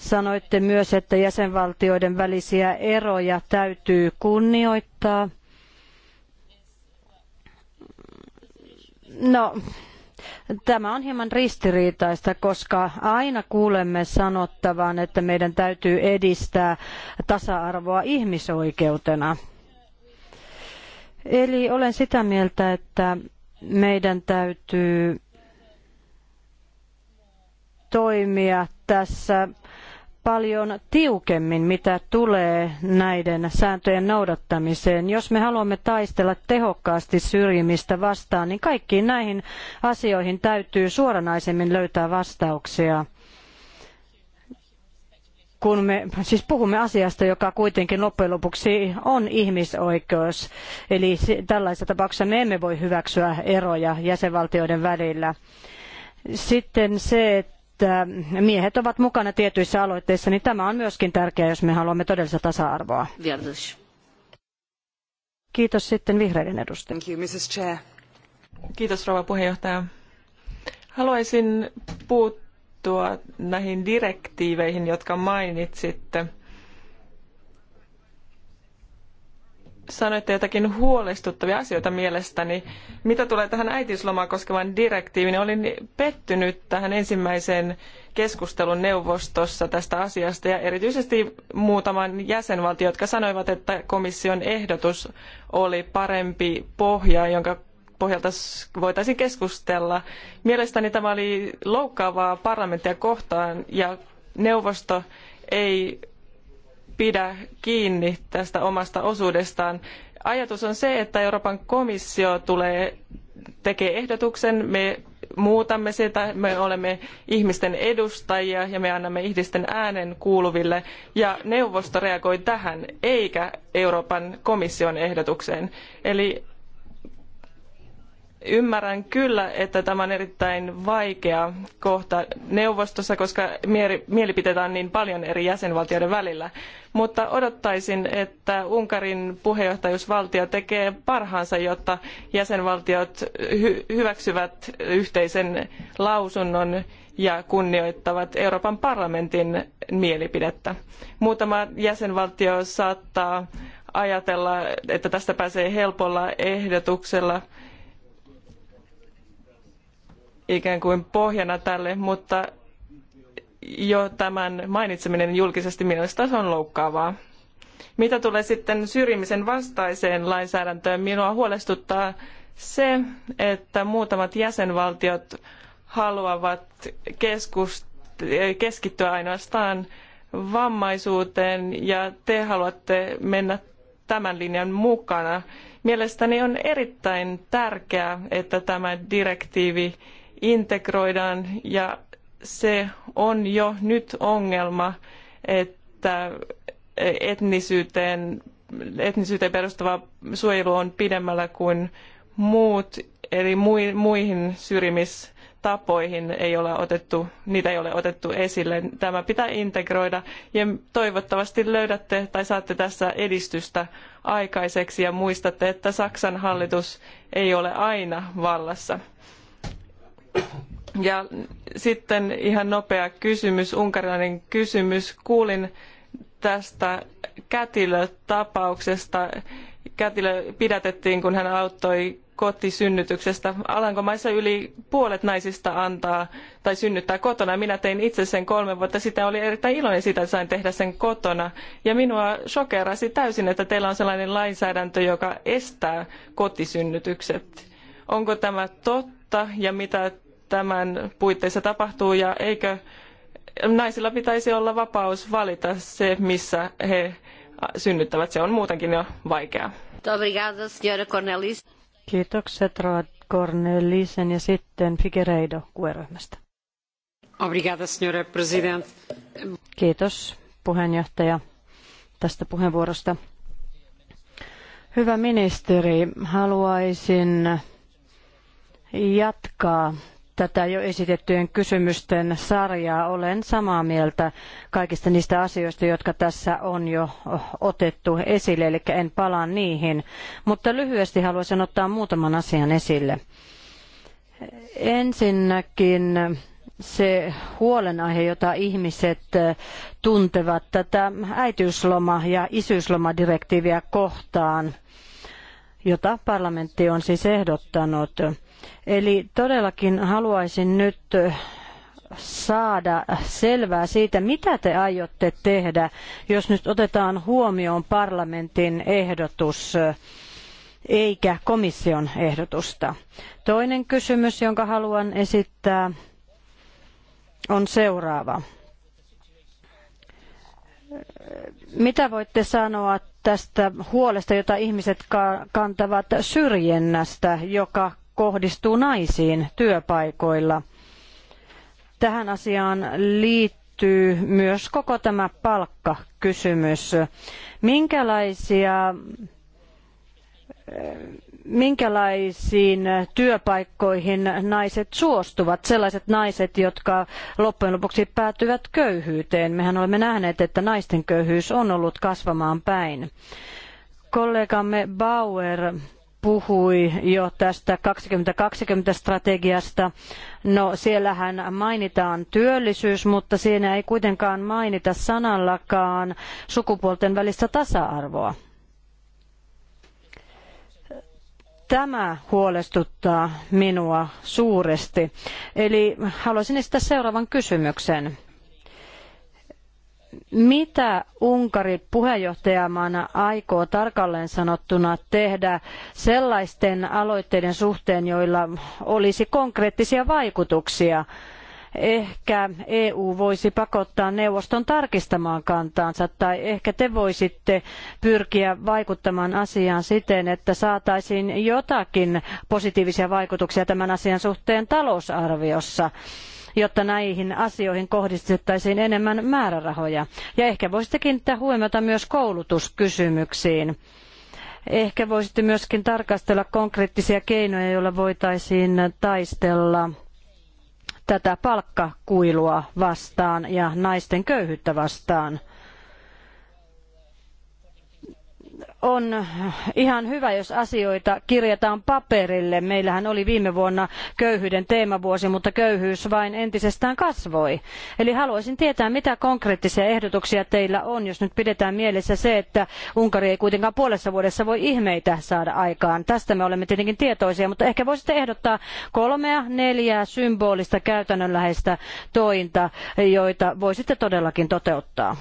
Sanoitte myös, että jäsenvaltioiden välisiä eroja täytyy kunnioittaa. No, Tämä on hieman ristiriitaista, koska aina kuulemme sanottavan, että meidän täytyy edistää tasa-arvoa ihmisoikeutena. Eli olen sitä mieltä, että meidän täytyy toimia tässä paljon tiukemmin, mitä tulee näiden sääntöjen noudattamiseen. Jos me haluamme taistella tehokkaasti syrjimistä vastaan, niin kaikkiin näihin asioihin täytyy suoranaisemmin löytää vastauksia kun me siis puhumme asiasta, joka kuitenkin loppujen lopuksi on ihmisoikeus. Eli tällaisessa tapauksessa me emme voi hyväksyä eroja jäsenvaltioiden välillä. Sitten se, että että miehet ovat mukana tietyissä aloitteissa, niin tämä on myöskin tärkeää, jos me haluamme todellista tasa-arvoa. Kiitos sitten vihreiden edustajille. Kiitos rouva puheenjohtaja. Haluaisin puuttua näihin direktiiveihin, jotka mainitsitte – sanoitte jotakin huolestuttavia asioita mielestäni. Mitä tulee tähän äitiyslomaa koskevaan direktiiviin, niin olin pettynyt tähän ensimmäiseen keskustelun neuvostossa tästä asiasta ja erityisesti muutaman jäsenvaltion, jotka sanoivat, että komission ehdotus oli parempi pohja, jonka pohjalta voitaisiin keskustella. Mielestäni tämä oli loukkaavaa parlamenttia kohtaan ja neuvosto ei pidä kiinni tästä omasta osuudestaan. Ajatus on se, että Euroopan komissio tulee tekee ehdotuksen, me muutamme sitä, me olemme ihmisten edustajia ja me annamme ihmisten äänen kuuluville ja neuvosto reagoi tähän eikä Euroopan komission ehdotukseen. Eli Ymmärrän kyllä, että tämä on erittäin vaikea kohta neuvostossa, koska mielipiteitä on niin paljon eri jäsenvaltioiden välillä. Mutta odottaisin, että Unkarin puheenjohtajuusvaltio tekee parhaansa, jotta jäsenvaltiot hyväksyvät yhteisen lausunnon ja kunnioittavat Euroopan parlamentin mielipidettä. Muutama jäsenvaltio saattaa ajatella, että tästä pääsee helpolla ehdotuksella ikään kuin pohjana tälle, mutta jo tämän mainitseminen julkisesti minusta se on loukkaavaa. Mitä tulee sitten syrjimisen vastaiseen lainsäädäntöön, minua huolestuttaa se, että muutamat jäsenvaltiot haluavat keskittyä ainoastaan vammaisuuteen ja te haluatte mennä tämän linjan mukana. Mielestäni on erittäin tärkeää, että tämä direktiivi integroidaan ja se on jo nyt ongelma, että etnisyyteen, etnisyyteen perustuva suojelu on pidemmällä kuin muut, eli muihin syrjimistapoihin ei ole otettu, niitä ei ole otettu esille. Tämä pitää integroida ja toivottavasti löydätte tai saatte tässä edistystä aikaiseksi ja muistatte, että Saksan hallitus ei ole aina vallassa. Ja sitten ihan nopea kysymys, unkarilainen kysymys. Kuulin tästä kätilötapauksesta. Kätilö pidätettiin, kun hän auttoi kotisynnytyksestä. Alankomaissa yli puolet naisista antaa tai synnyttää kotona. Minä tein itse sen kolme vuotta sitten. Olin erittäin iloinen siitä, että sain tehdä sen kotona. Ja minua shokerasi täysin, että teillä on sellainen lainsäädäntö, joka estää kotisynnytykset. Onko tämä totta? totta ja mitä tämän puitteissa tapahtuu ja eikö naisilla pitäisi olla vapaus valita se, missä he synnyttävät. Se on muutenkin jo vaikeaa. Kiitokset Rod Cornelisen ja sitten Figueiredo QE-ryhmästä. Kiitos puheenjohtaja tästä puheenvuorosta. Hyvä ministeri, haluaisin jatkaa tätä jo esitettyjen kysymysten sarjaa. Olen samaa mieltä kaikista niistä asioista, jotka tässä on jo otettu esille, eli en palaa niihin. Mutta lyhyesti haluaisin ottaa muutaman asian esille. Ensinnäkin se huolenaihe, jota ihmiset tuntevat tätä äitiysloma- ja isyyslomadirektiiviä kohtaan, jota parlamentti on siis ehdottanut. Eli todellakin haluaisin nyt saada selvää siitä, mitä te aiotte tehdä, jos nyt otetaan huomioon parlamentin ehdotus eikä komission ehdotusta. Toinen kysymys, jonka haluan esittää, on seuraava. Mitä voitte sanoa tästä huolesta, jota ihmiset kantavat syrjinnästä, joka kohdistuu naisiin työpaikoilla. Tähän asiaan liittyy myös koko tämä palkkakysymys. Minkälaisia minkälaisiin työpaikkoihin naiset suostuvat, sellaiset naiset, jotka loppujen lopuksi päätyvät köyhyyteen. Mehän olemme nähneet, että naisten köyhyys on ollut kasvamaan päin. Kollegamme Bauer puhui jo tästä 2020-strategiasta. No siellähän mainitaan työllisyys, mutta siinä ei kuitenkaan mainita sanallakaan sukupuolten välistä tasa-arvoa. Tämä huolestuttaa minua suuresti. Eli haluaisin esittää seuraavan kysymyksen mitä Unkari puheenjohtajamaana aikoo tarkalleen sanottuna tehdä sellaisten aloitteiden suhteen, joilla olisi konkreettisia vaikutuksia? Ehkä EU voisi pakottaa neuvoston tarkistamaan kantaansa tai ehkä te voisitte pyrkiä vaikuttamaan asiaan siten, että saataisiin jotakin positiivisia vaikutuksia tämän asian suhteen talousarviossa jotta näihin asioihin kohdistettaisiin enemmän määrärahoja. Ja ehkä voisitte kiinnittää huomiota myös koulutuskysymyksiin. Ehkä voisitte myöskin tarkastella konkreettisia keinoja, joilla voitaisiin taistella tätä palkkakuilua vastaan ja naisten köyhyyttä vastaan. on ihan hyvä, jos asioita kirjataan paperille. Meillähän oli viime vuonna köyhyyden teemavuosi, mutta köyhyys vain entisestään kasvoi. Eli haluaisin tietää, mitä konkreettisia ehdotuksia teillä on, jos nyt pidetään mielessä se, että Unkari ei kuitenkaan puolessa vuodessa voi ihmeitä saada aikaan. Tästä me olemme tietenkin tietoisia, mutta ehkä voisitte ehdottaa kolmea, neljää symbolista käytännönläheistä tointa, joita voisitte todellakin toteuttaa.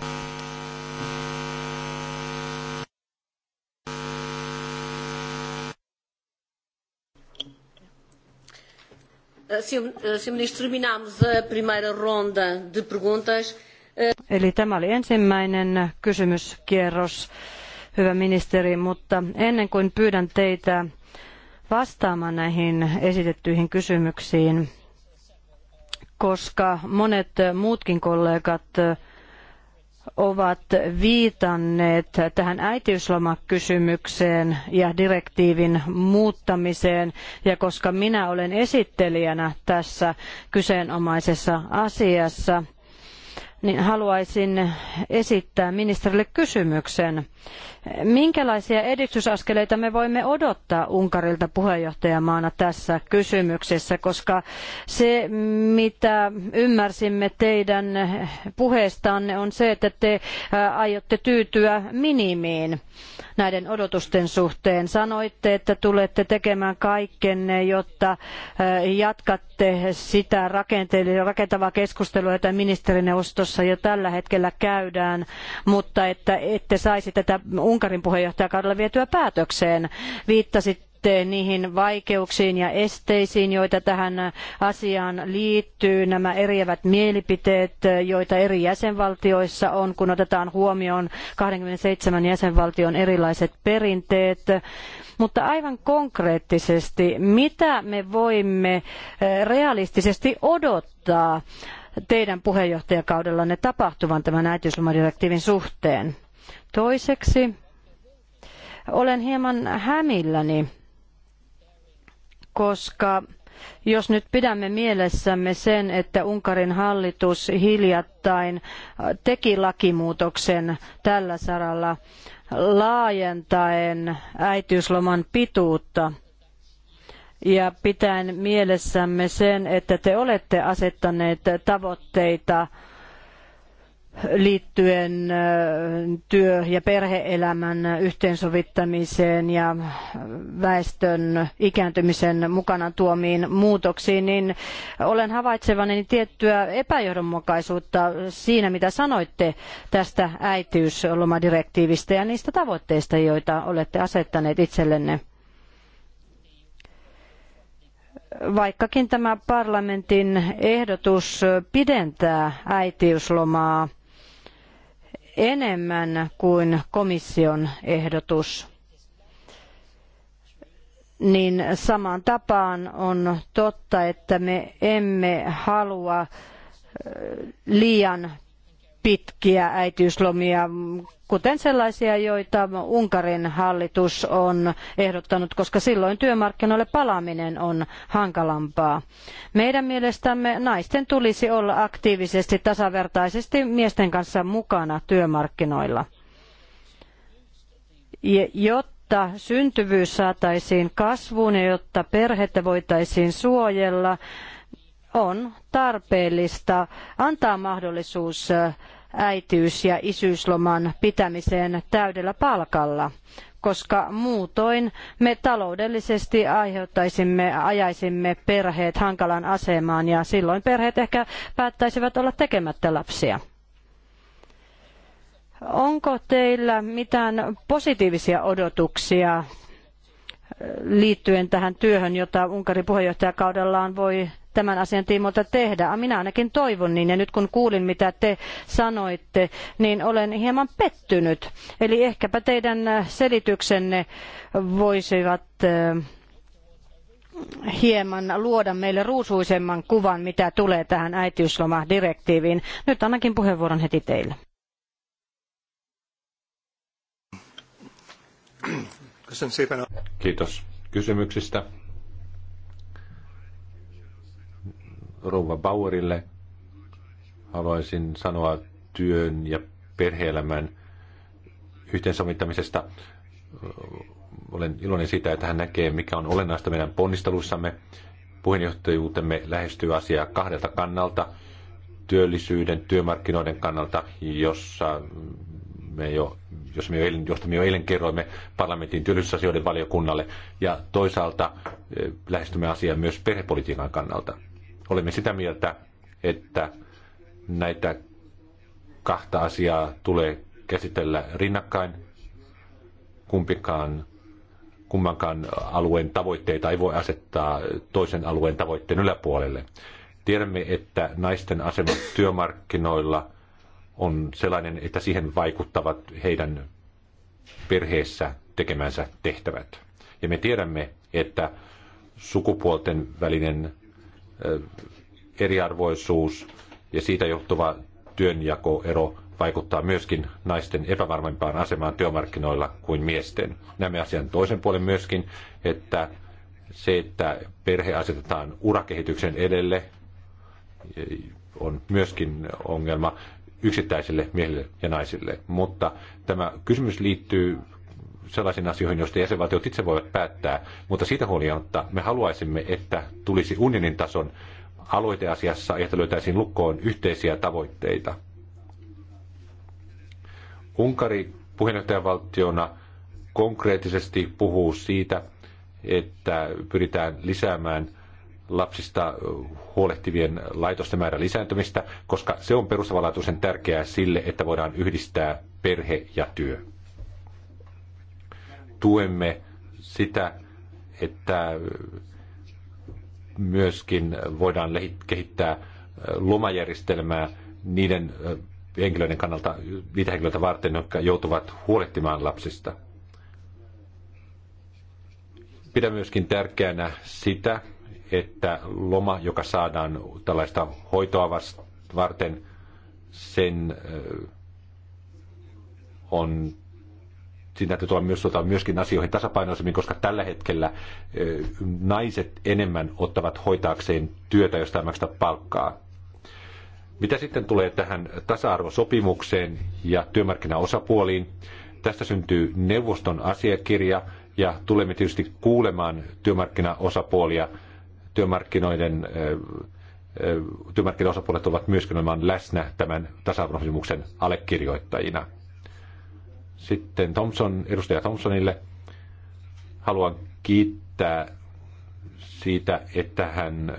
Sr. Eh, ministeri, terminamos a primeira ronda de perguntas. Eh, Eli tämä oli ensimmäinen kysymyskierros, hyvä ministeri, mutta ennen kuin pyydän teitä vastaamaan näihin esitettyihin kysymyksiin, koska monet muutkin kollegat ovat viitanneet tähän äitiyslomakysymykseen ja direktiivin muuttamiseen. Ja koska minä olen esittelijänä tässä kyseenomaisessa asiassa, niin haluaisin esittää ministerille kysymyksen. Minkälaisia edistysaskeleita me voimme odottaa Unkarilta puheenjohtajamaana tässä kysymyksessä, koska se mitä ymmärsimme teidän puheestanne on se, että te aiotte tyytyä minimiin näiden odotusten suhteen. Sanoitte, että tulette tekemään kaikkenne, jotta jatkatte sitä rakentavaa keskustelua, jota ministerineuvostossa jo tällä hetkellä käydään, mutta että ette saisi tätä Unkarin Unkarin puheenjohtajakaudella vietyä päätökseen. Viittasit niihin vaikeuksiin ja esteisiin, joita tähän asiaan liittyy, nämä eriävät mielipiteet, joita eri jäsenvaltioissa on, kun otetaan huomioon 27 jäsenvaltion erilaiset perinteet. Mutta aivan konkreettisesti, mitä me voimme eh, realistisesti odottaa teidän puheenjohtajakaudellanne tapahtuvan tämän äitiyslomadirektiivin suhteen? Toiseksi, olen hieman hämilläni, koska jos nyt pidämme mielessämme sen, että Unkarin hallitus hiljattain teki lakimuutoksen tällä saralla laajentaen äitiysloman pituutta, ja pitäen mielessämme sen, että te olette asettaneet tavoitteita liittyen työ- ja perheelämän yhteensovittamiseen ja väestön ikääntymisen mukanaan tuomiin muutoksiin, niin olen havaitsevani tiettyä epäjohdonmukaisuutta siinä, mitä sanoitte tästä äitiyslomadirektiivistä ja niistä tavoitteista, joita olette asettaneet itsellenne vaikkakin tämä parlamentin ehdotus pidentää äitiyslomaa enemmän kuin komission ehdotus niin samaan tapaan on totta, että me emme halua liian pitkiä äitiyslomia, kuten sellaisia, joita Unkarin hallitus on ehdottanut, koska silloin työmarkkinoille palaaminen on hankalampaa. Meidän mielestämme naisten tulisi olla aktiivisesti tasavertaisesti miesten kanssa mukana työmarkkinoilla. Jotta syntyvyys saataisiin kasvuun ja jotta perhettä voitaisiin suojella, on tarpeellista antaa mahdollisuus äitiys- ja isyysloman pitämiseen täydellä palkalla, koska muutoin me taloudellisesti aiheuttaisimme, ajaisimme perheet hankalan asemaan ja silloin perheet ehkä päättäisivät olla tekemättä lapsia. Onko teillä mitään positiivisia odotuksia liittyen tähän työhön, jota Unkarin puheenjohtajakaudellaan voi tämän asian tiimoilta tehdä. Ah, minä ainakin toivon niin, ja nyt kun kuulin, mitä te sanoitte, niin olen hieman pettynyt. Eli ehkäpä teidän äh, selityksenne voisivat äh, hieman luoda meille ruusuisemman kuvan, mitä tulee tähän äitiyslomadirektiiviin. Nyt annankin puheenvuoron heti teille. Kiitos kysymyksistä. rouva Bauerille. Haluaisin sanoa työn ja perheelämän yhteensovittamisesta. Olen iloinen siitä, että hän näkee, mikä on olennaista meidän ponnistelussamme. Puheenjohtajuutemme lähestyy asiaa kahdelta kannalta. Työllisyyden, työmarkkinoiden kannalta, jossa me jo, jos me jo eilen, josta me jo eilen kerroimme parlamentin työllisyysasioiden valiokunnalle, ja toisaalta eh, lähestymme asiaa myös perhepolitiikan kannalta olemme sitä mieltä, että näitä kahta asiaa tulee käsitellä rinnakkain. Kumpikaan, kummankaan alueen tavoitteita ei voi asettaa toisen alueen tavoitteen yläpuolelle. Tiedämme, että naisten asema työmarkkinoilla on sellainen, että siihen vaikuttavat heidän perheessä tekemänsä tehtävät. Ja me tiedämme, että sukupuolten välinen eriarvoisuus ja siitä johtuva työnjakoero vaikuttaa myöskin naisten epävarmempaan asemaan työmarkkinoilla kuin miesten. Näemme asian toisen puolen myöskin, että se, että perhe asetetaan urakehityksen edelle, on myöskin ongelma yksittäisille miehille ja naisille. Mutta tämä kysymys liittyy sellaisiin asioihin, joista jäsenvaltiot itse voivat päättää, mutta siitä huolimatta me haluaisimme, että tulisi unionin tason aloiteasiassa, että löytäisiin lukkoon yhteisiä tavoitteita. Unkari puheenjohtajavaltiona konkreettisesti puhuu siitä, että pyritään lisäämään lapsista huolehtivien laitosten määrän lisääntymistä, koska se on perustavanlaatuisen tärkeää sille, että voidaan yhdistää perhe ja työ tuemme sitä, että myöskin voidaan kehittää lomajärjestelmää niiden henkilöiden kannalta, niitä henkilöitä varten, jotka joutuvat huolehtimaan lapsista. Pidän myöskin tärkeänä sitä, että loma, joka saadaan tällaista hoitoa varten, sen on siinä täytyy olla myös, ottaa myöskin asioihin tasapainoisemmin, koska tällä hetkellä naiset enemmän ottavat hoitaakseen työtä, josta ei maksata palkkaa. Mitä sitten tulee tähän tasa-arvosopimukseen ja työmarkkinaosapuoliin? Tästä syntyy neuvoston asiakirja ja tulemme tietysti kuulemaan työmarkkinaosapuolia. Työmarkkinoiden, työmarkkinaosapuolet ovat myöskin olemaan läsnä tämän tasa-arvosopimuksen allekirjoittajina. Sitten Thompson, edustaja Thompsonille haluan kiittää siitä, että hän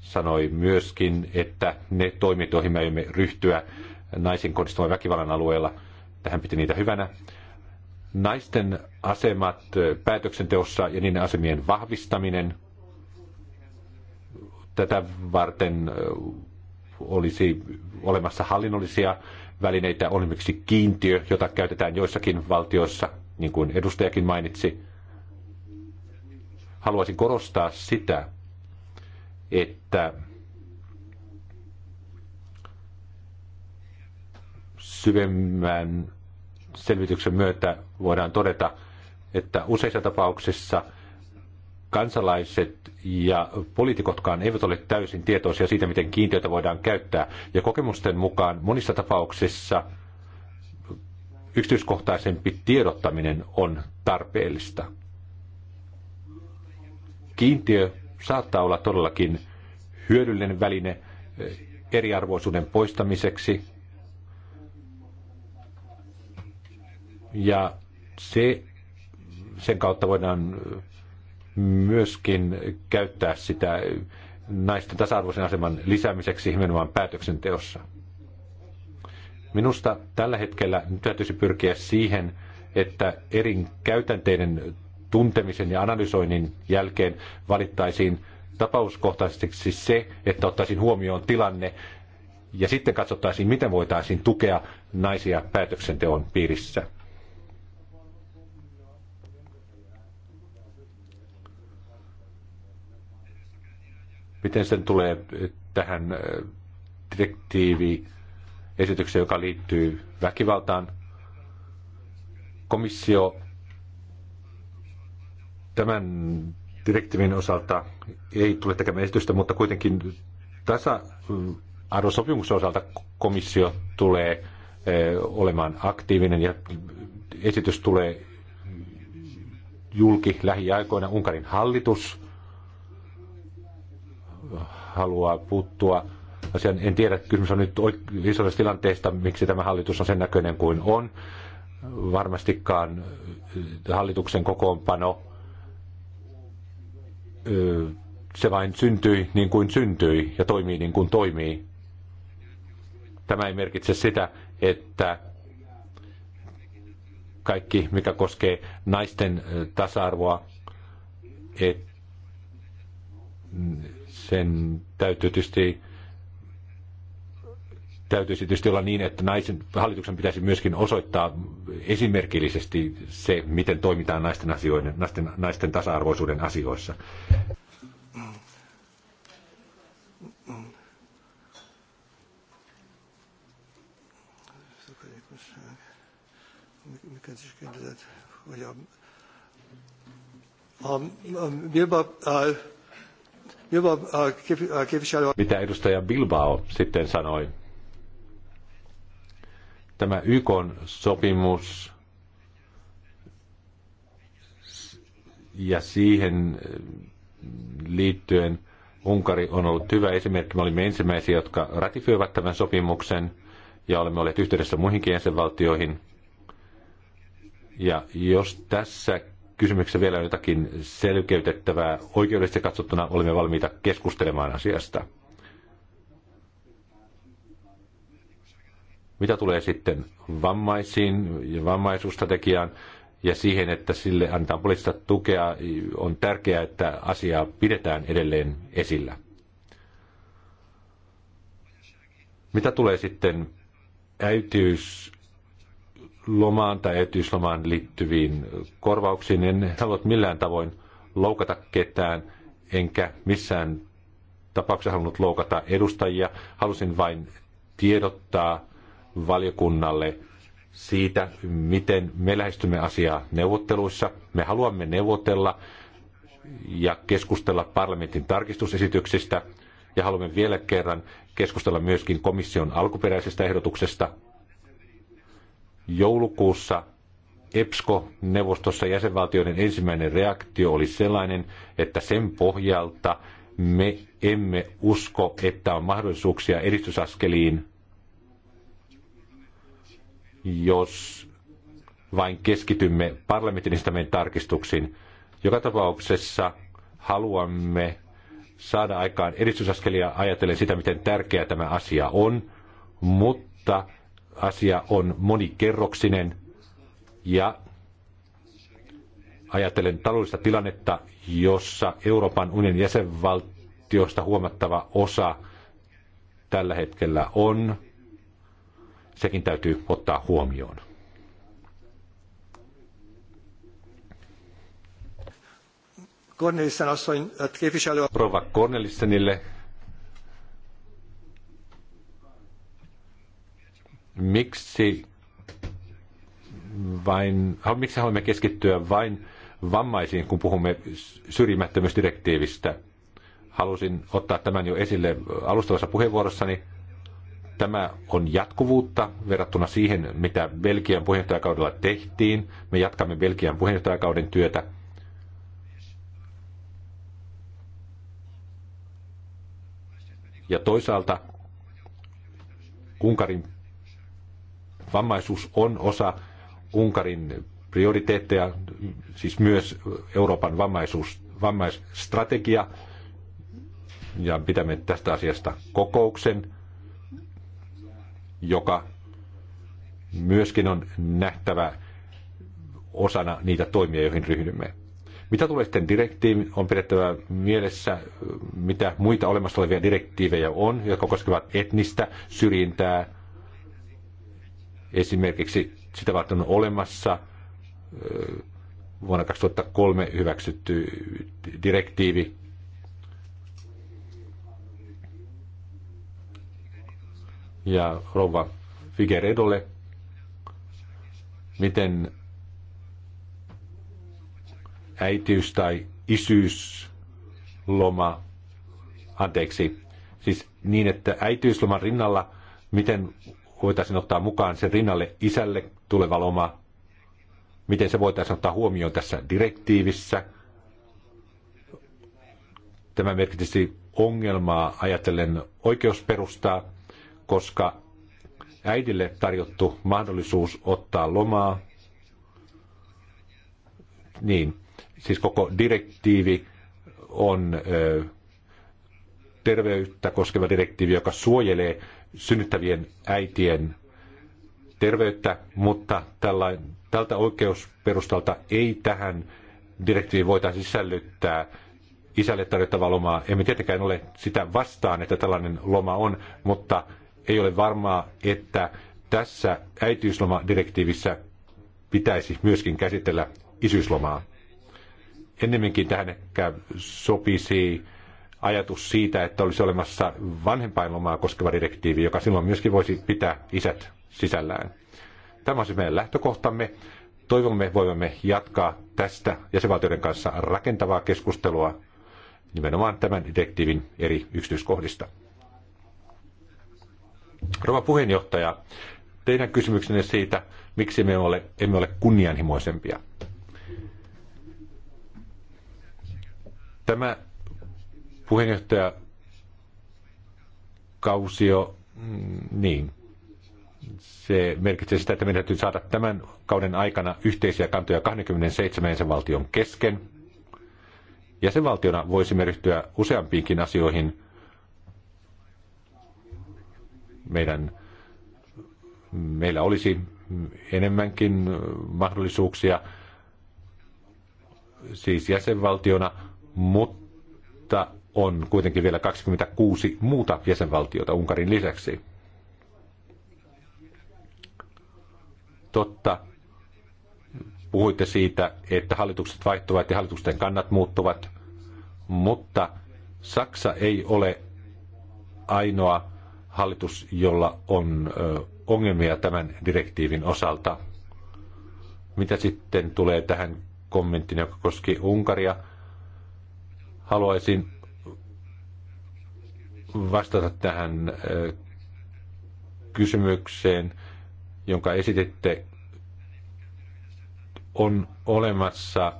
sanoi myöskin, että ne toimet, joihin me aiomme ryhtyä naisiin kohdistuvan väkivallan alueella, tähän piti niitä hyvänä. Naisten asemat päätöksenteossa ja niiden asemien vahvistaminen. Tätä varten olisi olemassa hallinnollisia välineitä, on esimerkiksi kiintiö, jota käytetään joissakin valtioissa, niin kuin edustajakin mainitsi. Haluaisin korostaa sitä, että syvemmän selvityksen myötä voidaan todeta, että useissa tapauksissa kansalaiset ja poliitikotkaan eivät ole täysin tietoisia siitä, miten kiintiöitä voidaan käyttää. Ja kokemusten mukaan monissa tapauksissa yksityiskohtaisempi tiedottaminen on tarpeellista. Kiintiö saattaa olla todellakin hyödyllinen väline eh, eriarvoisuuden poistamiseksi. Ja se, sen kautta voidaan myöskin käyttää sitä naisten tasa-arvoisen aseman lisäämiseksi nimenomaan päätöksenteossa. Minusta tällä hetkellä nyt täytyisi pyrkiä siihen, että eri käytänteiden tuntemisen ja analysoinnin jälkeen valittaisiin tapauskohtaisesti se, että ottaisiin huomioon tilanne ja sitten katsottaisiin, miten voitaisiin tukea naisia päätöksenteon piirissä. Miten sen tulee tähän äh, direktiivi esitykseen, joka liittyy väkivaltaan? Komissio tämän direktiivin osalta ei tule tekemään esitystä, mutta kuitenkin tasa-arvosopimuksen osalta komissio tulee äh, olemaan aktiivinen ja esitys tulee julki lähiaikoina. Unkarin hallitus haluaa puuttua Asian, En tiedä, kysymys on nyt isoista tilanteesta, miksi tämä hallitus on sen näköinen kuin on. Varmastikaan äh, hallituksen kokoonpano äh, se vain syntyi niin kuin syntyi ja toimii niin kuin toimii. Tämä ei merkitse sitä, että kaikki, mikä koskee naisten äh, tasa-arvoa, että sen täytyy tietysti täytyisi tietysti olla niin, että naisen, hallituksen pitäisi myöskin osoittaa esimerkillisesti se, miten toimitaan naisten, asioiden, naisten, naisten tasa-arvoisuuden asioissa. Mikä siis kenties, hogy Uh, uh, Mitä edustaja Bilbao sitten sanoi? Tämä YK-sopimus ja siihen äh, liittyen Unkari on ollut hyvä esimerkki. Me olimme ensimmäisiä, jotka ratifioivat tämän sopimuksen ja olemme olleet yhteydessä muihinkin jäsenvaltioihin. Ja jos tässä kysymyksessä vielä jotakin selkeytettävää. Oikeudellisesti katsottuna olemme valmiita keskustelemaan asiasta. Mitä tulee sitten vammaisiin ja vammaisuustrategiaan ja siihen, että sille annetaan poliittista tukea, on tärkeää, että asiaa pidetään edelleen esillä. Mitä tulee sitten äitiys lomaan tai etyyslomaan liittyviin korvauksiin. Niin en halua millään tavoin loukata ketään, enkä missään tapauksessa halunnut loukata edustajia. Halusin vain tiedottaa valiokunnalle siitä, miten me lähestymme asiaa neuvotteluissa. Me haluamme neuvotella ja keskustella parlamentin tarkistusesityksistä ja haluamme vielä kerran keskustella myöskin komission alkuperäisestä ehdotuksesta Joulukuussa EPSCO-neuvostossa jäsenvaltioiden ensimmäinen reaktio oli sellainen, että sen pohjalta me emme usko, että on mahdollisuuksia edistysaskeliin, jos vain keskitymme parlamentin tarkistuksiin. Joka tapauksessa haluamme saada aikaan edistysaskelia ajatellen sitä, miten tärkeä tämä asia on, mutta asia on monikerroksinen ja ajatellen taloudellista tilannetta, jossa Euroopan unionin jäsenvaltioista huomattava osa tällä hetkellä on, sekin täytyy ottaa huomioon. Cornelissen asszony, Rova Cornelissenille miksi vain, miksi haluamme keskittyä vain vammaisiin, kun puhumme syrjimättömyysdirektiivistä. Halusin ottaa tämän jo esille alustavassa puheenvuorossani. Tämä on jatkuvuutta verrattuna siihen, mitä Belgian puheenjohtajakaudella tehtiin. Me jatkamme Belgian puheenjohtajakauden työtä. Ja toisaalta Unkarin Vammaisuus on osa Unkarin prioriteetteja, siis myös Euroopan vammaisuus, vammaisstrategia. Ja pitämme tästä asiasta kokouksen, joka myöskin on nähtävä osana niitä toimia, joihin ryhdymme. Mitä tulee sitten direktiiviin, on pidettävä mielessä, mitä muita olemassa olevia direktiivejä on, jotka koskevat etnistä syrjintää, Esimerkiksi sitä varten on olemassa vuonna 2003 hyväksytty direktiivi. Ja rouva Figueredolle, miten äitiys- tai isyysloma, anteeksi, siis niin, että äitiysloman rinnalla, miten voitaisiin ottaa mukaan sen rinnalle isälle tuleva loma, miten se voitaisiin ottaa huomioon tässä direktiivissä. Tämä merkitsisi ongelmaa ajatellen oikeusperustaa, koska äidille tarjottu mahdollisuus ottaa lomaa, niin, siis koko direktiivi on ö, terveyttä koskeva direktiivi, joka suojelee synnyttävien äitien terveyttä, mutta tällain, tältä oikeusperustalta ei tähän direktiiviin voitaisiin sisällyttää isälle tarjottavaa lomaa. Emme tietenkään ole sitä vastaan, että tällainen loma on, mutta ei ole varmaa, että tässä äitiyslomadirektiivissä pitäisi myöskin käsitellä isyyslomaa. Ennemminkin tähän ehkä sopisi ajatus siitä, että olisi olemassa vanhempainlomaa koskeva direktiivi, joka silloin myöskin voisi pitää isät sisällään. Tämä on siis meidän lähtökohtamme. Toivomme voimme jatkaa tästä jäsenvaltioiden kanssa rakentavaa keskustelua nimenomaan tämän direktiivin eri yksityiskohdista. Rova puheenjohtaja, teidän kysymyksenne siitä, miksi me ole, emme ole kunnianhimoisempia. Tämä Puheenjohtaja Kausio, mm, niin, se merkitsee sitä, että meidän täytyy saada tämän kauden aikana yhteisiä kantoja 27 jäsenvaltion kesken. Jäsenvaltiona voisimme ryhtyä useampiinkin asioihin. Meidän, meillä olisi enemmänkin mahdollisuuksia siis jäsenvaltiona, mutta on kuitenkin vielä 26 muuta jäsenvaltiota Unkarin lisäksi. Totta, puhuitte siitä, että hallitukset vaihtuvat ja hallitusten kannat muuttuvat, mutta Saksa ei ole ainoa hallitus, jolla on ongelmia tämän direktiivin osalta. Mitä sitten tulee tähän kommenttiin, joka koski Unkaria? Haluaisin vastata tähän kysymykseen, jonka esititte. On olemassa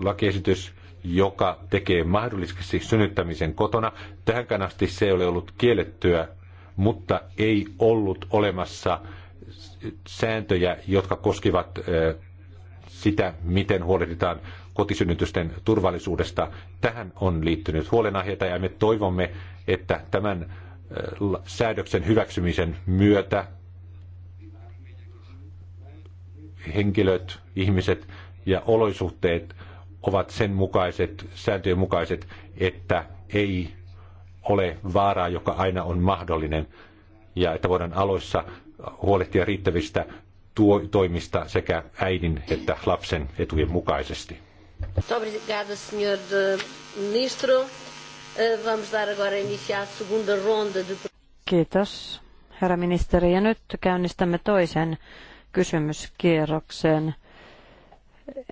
lakiesitys, joka tekee mahdollisesti synnyttämisen kotona. Tähänkään asti se ei ole ollut kiellettyä, mutta ei ollut olemassa sääntöjä, jotka koskivat sitä, miten huolehditaan kotisynnytysten turvallisuudesta. Tähän on liittynyt huolenaiheita ja me toivomme, että tämän äh, säädöksen hyväksymisen myötä henkilöt, ihmiset ja olosuhteet ovat sen mukaiset, sääntöjen mukaiset, että ei ole vaaraa, joka aina on mahdollinen, ja että voidaan aloissa huolehtia riittävistä tuo, toimista sekä äidin että lapsen etujen mukaisesti. Obrigada, senhor eh, ministro. Eh, vamos dar agora iniciar segunda ronda de... Kiitos, herra ministeri. Ja nyt käynnistämme toisen kysymyskierroksen.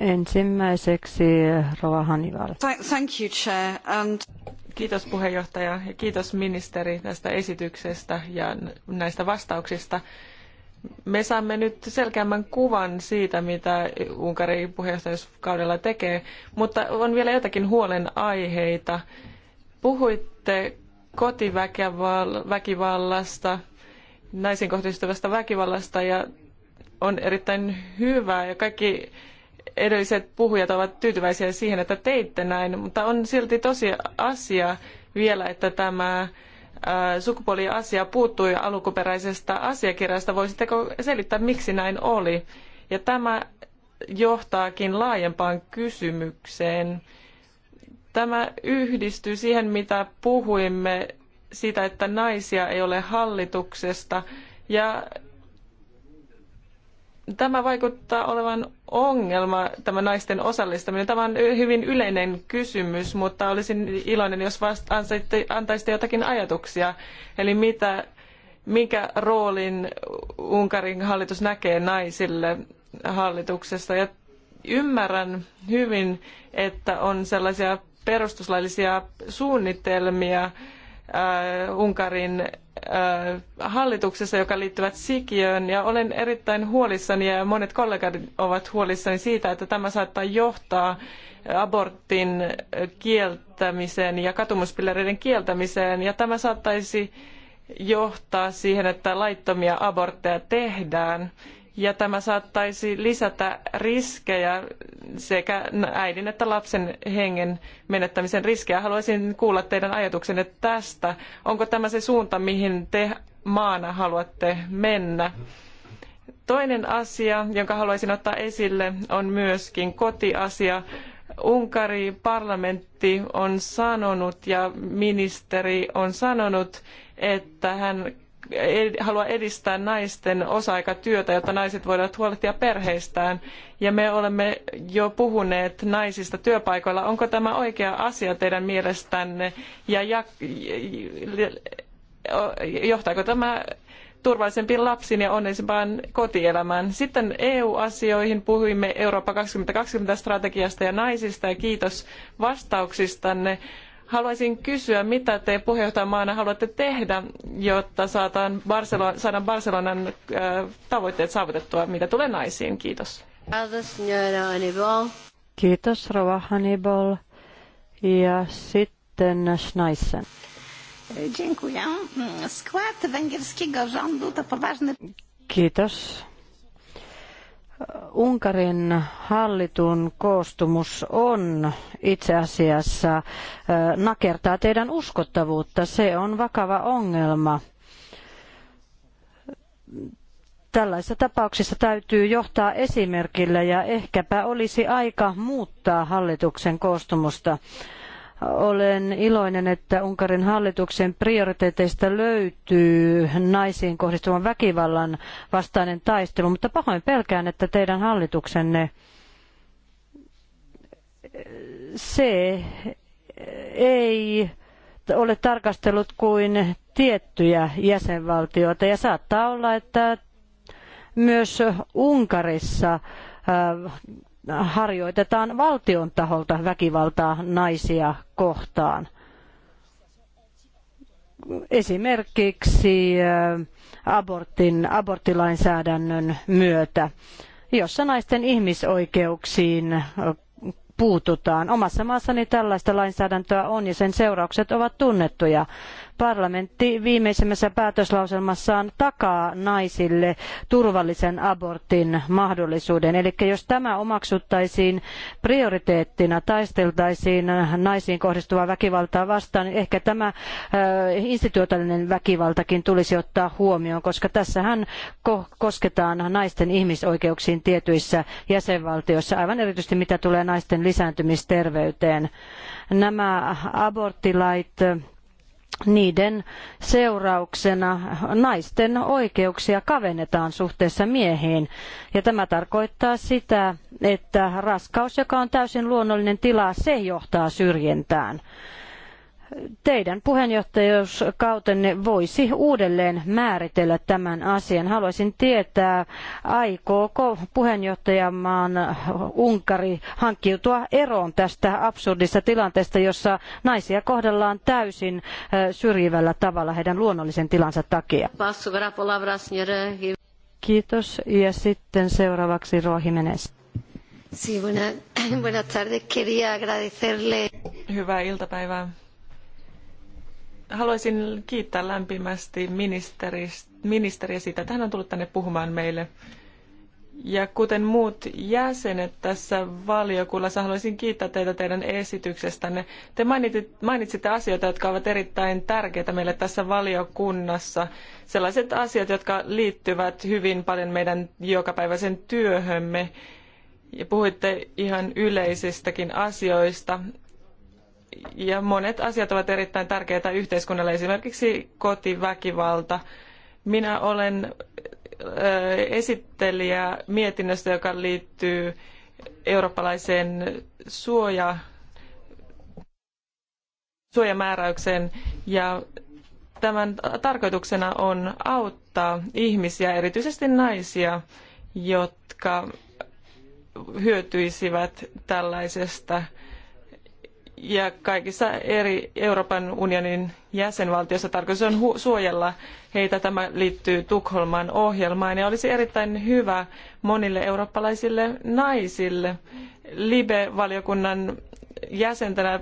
Ensimmäiseksi eh, Rova Hanival. Thank you, Chair. And... Kiitos puheenjohtaja ja kiitos ministeri tästä esityksestä ja näistä vastauksista me saamme nyt selkeämmän kuvan siitä, mitä Unkari puheenjohtajuuskaudella tekee, mutta on vielä jotakin huolenaiheita. Puhuitte kotiväkivallasta, naisiin kohdistuvasta väkivallasta ja on erittäin hyvä ja kaikki edelliset puhujat ovat tyytyväisiä siihen, että teitte näin, mutta on silti tosi asia vielä, että tämä Äh, sukupuoliasia puuttui alkuperäisestä asiakirjasta. Voisitteko selittää, miksi näin oli? Ja tämä johtaakin laajempaan kysymykseen. Tämä yhdistyy siihen, mitä puhuimme siitä, että naisia ei ole hallituksesta ja Tämä vaikuttaa olevan ongelma, tämä naisten osallistaminen. Tämä on hyvin yleinen kysymys, mutta olisin iloinen, jos vasta antaisitte jotakin ajatuksia. Eli mitä, minkä roolin Unkarin hallitus näkee naisille hallituksessa. Ja ymmärrän hyvin, että on sellaisia perustuslaillisia suunnitelmia, Äh, Unkarin äh, hallituksessa, joka liittyvät sikiöön. Ja olen erittäin huolissani ja monet kollegat ovat huolissani siitä, että tämä saattaa johtaa abortin kieltämiseen ja katumuspillereiden kieltämiseen. Ja tämä saattaisi johtaa siihen, että laittomia abortteja tehdään ja tämä saattaisi lisätä riskejä sekä äidin että lapsen hengen menettämisen riskejä. Haluaisin kuulla teidän ajatuksenne tästä. Onko tämä se suunta, mihin te maana haluatte mennä? Toinen asia, jonka haluaisin ottaa esille, on myöskin kotiasia. Unkarin parlamentti on sanonut ja ministeri on sanonut, että hän halua edistää naisten osa-aikatyötä, jotta naiset voivat huolehtia perheistään. Ja me olemme jo puhuneet naisista työpaikoilla. Onko tämä oikea asia teidän mielestänne? Ja, johtaako tämä turvallisempiin lapsiin ja onnellisempaan kotielämään. Sitten EU-asioihin puhuimme Eurooppa 2020 strategiasta ja naisista ja kiitos vastauksistanne. Haluaisin kysyä, mitä te puheenjohtajamaana haluatte tehdä, jotta saataan Barcelona, saadaan Barcelonan äh, tavoitteet saavutettua, mitä tulee naisiin. Kiitos. Kiitos, Rova Hannibal. Ja sitten Schneisen. Dziękuję. Skład węgierskiego rządu to poważny... Kiitos. Unkarin hallitun koostumus on itse asiassa nakertaa teidän uskottavuutta. Se on vakava ongelma. Tällaisissa tapauksissa täytyy johtaa esimerkillä ja ehkäpä olisi aika muuttaa hallituksen koostumusta. Olen iloinen, että Unkarin hallituksen prioriteeteista löytyy naisiin kohdistuvan väkivallan vastainen taistelu, mutta pahoin pelkään, että teidän hallituksenne se ei ole tarkastellut kuin tiettyjä jäsenvaltioita ja saattaa olla, että myös Unkarissa äh, harjoitetaan valtion taholta väkivaltaa naisia kohtaan. Esimerkiksi äh, abortin, aborttilainsäädännön myötä, jossa naisten ihmisoikeuksiin äh, puututaan. Omassa maassani tällaista lainsäädäntöä on ja sen seuraukset ovat tunnettuja. Parlamentti viimeisimmässä päätöslauselmassaan takaa naisille turvallisen abortin mahdollisuuden. Eli jos tämä omaksuttaisiin prioriteettina, taisteltaisiin naisiin kohdistuvaa väkivaltaa vastaan, niin ehkä tämä instituutiollinen väkivaltakin tulisi ottaa huomioon, koska tässähän kosketaan naisten ihmisoikeuksiin tietyissä jäsenvaltioissa, aivan erityisesti mitä tulee naisten lisääntymisterveyteen. Nämä aborttilait niiden seurauksena naisten oikeuksia kavennetaan suhteessa miehiin. Ja tämä tarkoittaa sitä, että raskaus, joka on täysin luonnollinen tila, se johtaa syrjintään teidän puheenjohtajuuskautenne voisi uudelleen määritellä tämän asian. Haluaisin tietää, aikooko puheenjohtajamaan Unkari hankkiutua eroon tästä absurdista tilanteesta, jossa naisia kohdellaan täysin syrjivällä tavalla heidän luonnollisen tilansa takia. Kiitos. Ja sitten seuraavaksi Ruohimenes. Sí, buena, Quería agradecerle. Hyvää iltapäivää. Haluaisin kiittää lämpimästi ministeriä siitä, että hän on tullut tänne puhumaan meille. Ja kuten muut jäsenet tässä valiokunnassa, haluaisin kiittää teitä teidän esityksestänne. Te mainitsitte asioita, jotka ovat erittäin tärkeitä meille tässä valiokunnassa. Sellaiset asiat, jotka liittyvät hyvin paljon meidän jokapäiväisen työhömme. Ja puhuitte ihan yleisistäkin asioista ja monet asiat ovat erittäin tärkeitä yhteiskunnalle, esimerkiksi kotiväkivalta. Minä olen esittelijä mietinnöstä, joka liittyy eurooppalaiseen suoja, suojamääräykseen ja tämän tarkoituksena on auttaa ihmisiä, erityisesti naisia, jotka hyötyisivät tällaisesta ja kaikissa eri Euroopan unionin jäsenvaltioissa tarkoitus on suojella heitä. Tämä liittyy Tukholman ohjelmaan ja olisi erittäin hyvä monille eurooppalaisille naisille. Libe-valiokunnan jäsentenä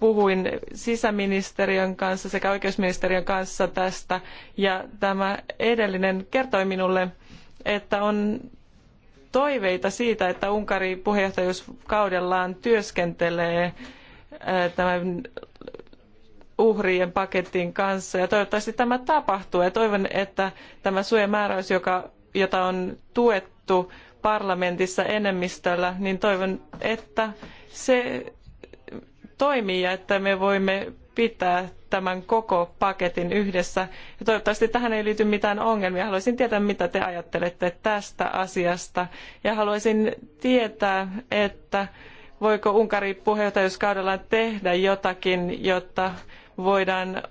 puhuin sisäministeriön kanssa sekä oikeusministeriön kanssa tästä ja tämä edellinen kertoi minulle, että on toiveita siitä, että Unkari puheenjohtajuuskaudellaan työskentelee Äh, tämän uhrien paketin kanssa ja toivottavasti tämä tapahtuu ja toivon, että tämä suojamääräys, joka, jota on tuettu parlamentissa enemmistöllä, niin toivon, että se toimii ja että me voimme pitää tämän koko paketin yhdessä. Ja toivottavasti tähän ei liity mitään ongelmia. Haluaisin tietää, mitä te ajattelette tästä asiasta. Ja haluaisin tietää, että voiko Unkari puheenjohtajuuskaudellaan tehdä jotakin, jotta voidaan,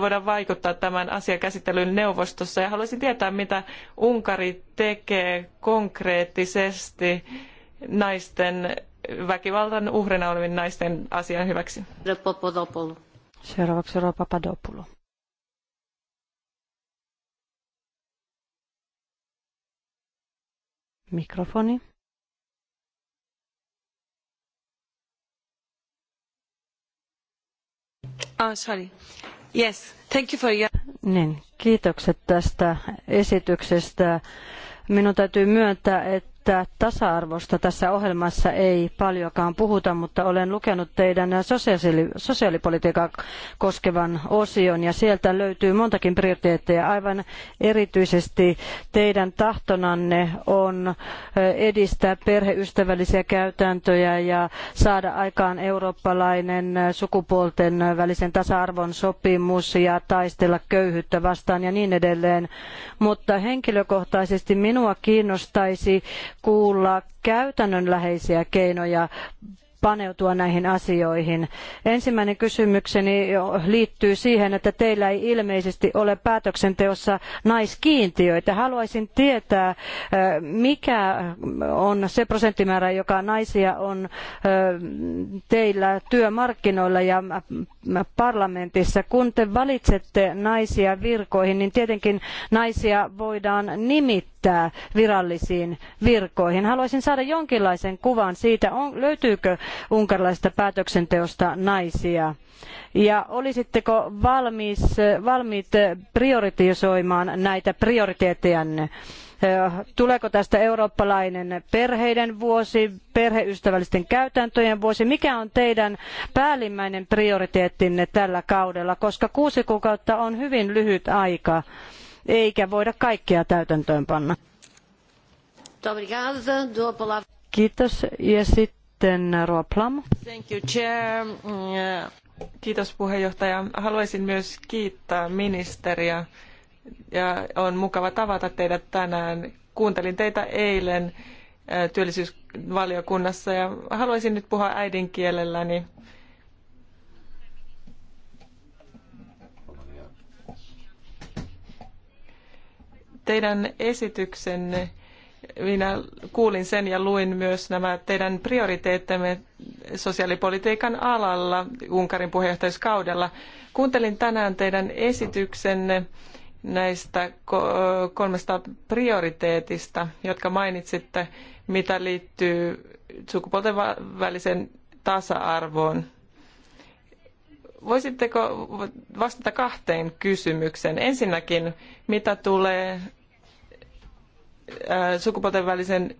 voidaan vaikuttaa tämän asian käsittelyyn neuvostossa. Ja haluaisin tietää, mitä Unkari tekee konkreettisesti naisten väkivaltan uhrina olevien naisten asian hyväksi. Seuraavaksi Rova padopulu. Mikrofoni. Ah, niin, kiitokset tästä esityksestä. Minun täytyy myöntää, että että tasa-arvosta tässä ohjelmassa ei paljonkaan puhuta, mutta olen lukenut teidän sosiaali- sosiaalipolitiikan koskevan osion ja sieltä löytyy montakin prioriteetteja. Aivan erityisesti teidän tahtonanne on edistää perheystävällisiä käytäntöjä ja saada aikaan eurooppalainen sukupuolten välisen tasa-arvon sopimus ja taistella köyhyyttä vastaan ja niin edelleen. Mutta henkilökohtaisesti minua kiinnostaisi kuulla käytännönläheisiä keinoja paneutua näihin asioihin. Ensimmäinen kysymykseni liittyy siihen, että teillä ei ilmeisesti ole päätöksenteossa naiskiintiöitä. Haluaisin tietää, mikä on se prosenttimäärä, joka naisia on teillä työmarkkinoilla ja parlamentissa. Kun te valitsette naisia virkoihin, niin tietenkin naisia voidaan nimittää nimittää virallisiin virkoihin. Haluaisin saada jonkinlaisen kuvan siitä, on, löytyykö unkarilaisesta päätöksenteosta naisia. Ja olisitteko valmis, valmiit prioritisoimaan näitä prioriteettejanne? Äh, tuleeko tästä eurooppalainen perheiden vuosi, perheystävällisten käytäntöjen vuosi. Mikä on teidän päällimmäinen prioriteettinne tällä kaudella, koska kuusi kuukautta on hyvin lyhyt aika eikä voida kaikkea täytäntöönpanna. panna. Kiitos. Ja sitten Roa Thank you, chair. Kiitos puheenjohtaja. Haluaisin myös kiittää ministeriä ja on mukava tavata teidät tänään. Kuuntelin teitä eilen työllisyysvaliokunnassa ja haluaisin nyt puhua äidinkielelläni. Niin teidän esityksenne, minä kuulin sen ja luin myös nämä teidän prioriteettamme sosiaalipolitiikan alalla Unkarin puheenjohtajuuskaudella. Kuuntelin tänään teidän esityksenne näistä kolmesta prioriteetista, jotka mainitsitte, mitä liittyy sukupuolten välisen tasa-arvoon. Voisitteko vastata kahteen kysymykseen? Ensinnäkin, mitä tulee Äh, sukupuolten välisen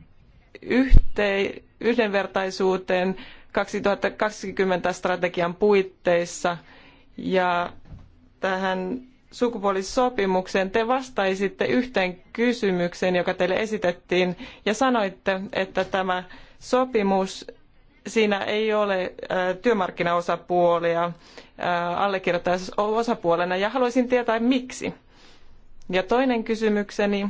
yhteen, yhdenvertaisuuteen 2020 strategian puitteissa ja tähän sukupuolisopimukseen te vastaisitte yhteen kysymykseen, joka teille esitettiin ja sanoitte, että tämä sopimus siinä ei ole äh, työmarkkinaosapuolia äh, allekirjoittajaosapuolena ja haluaisin tietää miksi. Ja toinen kysymykseni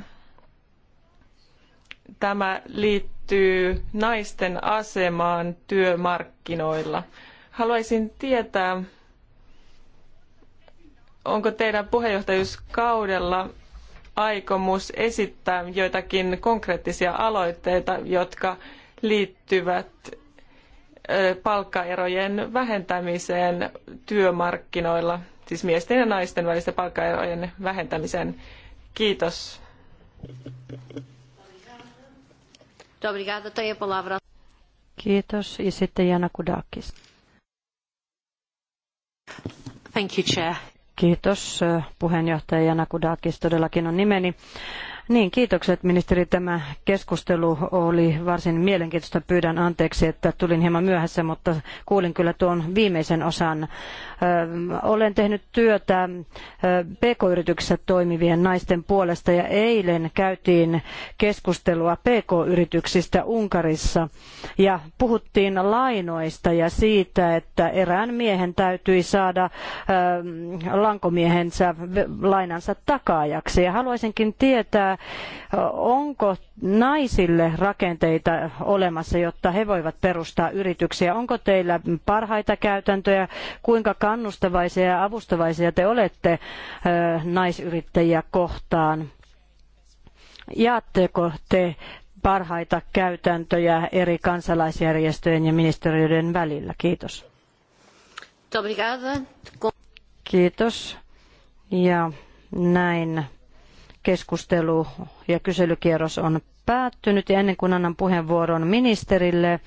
tämä liittyy naisten asemaan työmarkkinoilla. Haluaisin tietää, onko teidän puheenjohtajuuskaudella aikomus esittää joitakin konkreettisia aloitteita, jotka liittyvät palkkaerojen vähentämiseen työmarkkinoilla, siis miesten ja naisten välisten palkkaerojen vähentämiseen. Kiitos. Kiitos. Ja sitten Jana Kudakis. Thank you, Chair. Kiitos eh, puheenjohtaja Jana Kudakis, todellakin on nimeni. Niin, kiitokset ministeri. Tämä keskustelu oli varsin mielenkiintoista. Pyydän anteeksi, että tulin hieman myöhässä, mutta kuulin kyllä tuon viimeisen osan. olen tehnyt työtä PK-yrityksessä toimivien naisten puolesta ja eilen käytiin keskustelua PK-yrityksistä Unkarissa ja puhuttiin lainoista ja siitä, että erään miehen täytyi saada lankomiehensä lainansa takaajaksi. Ja haluaisinkin tietää, onko naisille rakenteita olemassa, jotta he voivat perustaa yrityksiä? Onko teillä parhaita käytäntöjä? Kuinka kannustavaisia ja avustavaisia te olette naisyrittäjiä kohtaan? Jaatteko te parhaita käytäntöjä eri kansalaisjärjestöjen ja ministeriöiden välillä? Kiitos. Kiitos. Ja näin keskustelu ja kyselykierros on päättynyt ja ennen kuin annan puheenvuoron ministerille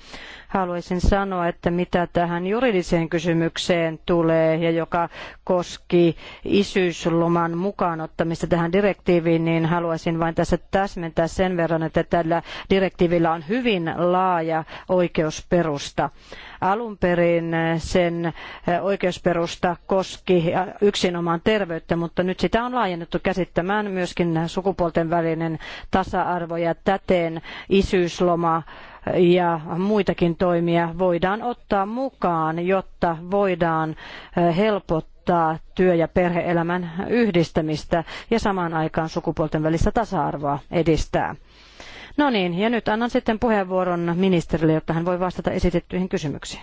haluaisin sanoa, että mitä tähän juridiseen kysymykseen tulee ja joka koski isyysloman mukaanottamista tähän direktiiviin, niin haluaisin vain tässä täsmentää sen verran, että tällä direktiivillä on hyvin laaja oikeusperusta. Alun perin sen oikeusperusta koski yksinomaan terveyttä, mutta nyt sitä on laajennettu käsittämään myöskin sukupuolten välinen tasa-arvo ja täten isyysloma ja muitakin toimia voidaan ottaa mukaan, jotta voidaan eh, helpottaa työ- ja perheelämän yhdistämistä ja samaan aikaan sukupuolten välistä tasa-arvoa edistää. No niin, ja nyt annan sitten puheenvuoron ministerille, jotta hän voi vastata esitettyihin kysymyksiin.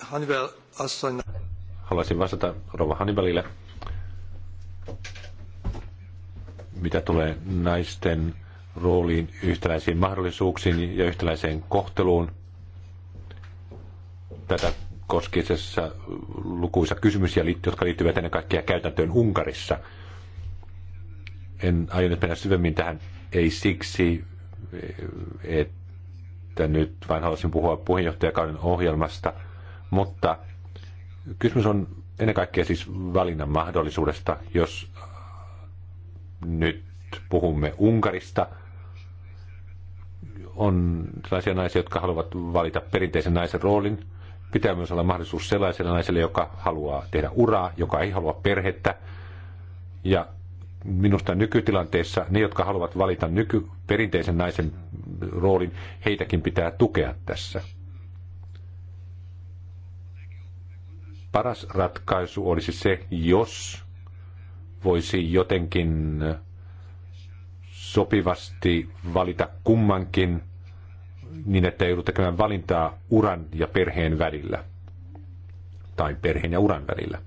Hannibal Haluaisin vastata rouva Hannibalille mitä tulee naisten rooliin, yhtäläisiin mahdollisuuksiin ja yhtäläiseen kohteluun. Tätä koski itse asiassa lukuisa kysymys, jotka liittyvät ennen kaikkea käytäntöön Unkarissa. En aio nyt mennä syvemmin tähän, ei siksi, että nyt vain haluaisin puhua puheenjohtajakauden ohjelmasta, mutta kysymys on ennen kaikkea siis valinnan mahdollisuudesta, jos nyt puhumme Unkarista, on sellaisia naisia, jotka haluavat valita perinteisen naisen roolin. Pitää myös olla mahdollisuus sellaiselle naiselle, joka haluaa tehdä uraa, joka ei halua perhettä. Ja minusta nykytilanteessa ne, jotka haluavat valita nyky, perinteisen naisen roolin, heitäkin pitää tukea tässä. paras ratkaisu olisi se, jos voisi jotenkin sopivasti valita kummankin niin, että ei joudu tekemään valintaa uran ja perheen välillä. Tai perheen ja uran välillä.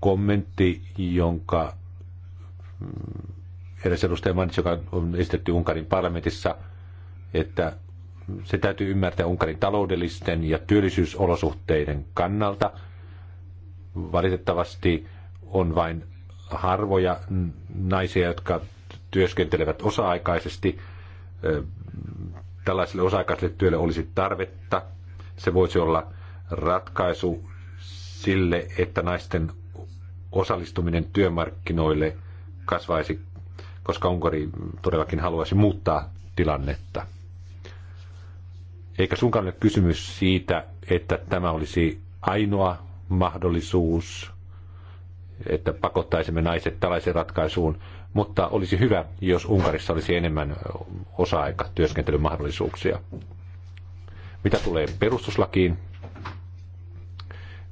Kommentti, jonka edes edustaja mainitsi, joka on esitetty Unkarin parlamentissa, että se täytyy ymmärtää Unkarin taloudellisten ja työllisyysolosuhteiden kannalta. Valitettavasti on vain harvoja naisia, jotka työskentelevät osa-aikaisesti. Tällaiselle osa-aikaiselle työlle olisi tarvetta. Se voisi olla ratkaisu sille, että naisten osallistuminen työmarkkinoille kasvaisi, koska Unkari todellakin haluaisi muuttaa tilannetta eikä sunkaan ole kysymys siitä, että tämä olisi ainoa mahdollisuus, että pakottaisimme naiset tällaiseen ratkaisuun, mutta olisi hyvä, jos Unkarissa olisi enemmän osa-aikatyöskentelyn Mitä tulee perustuslakiin?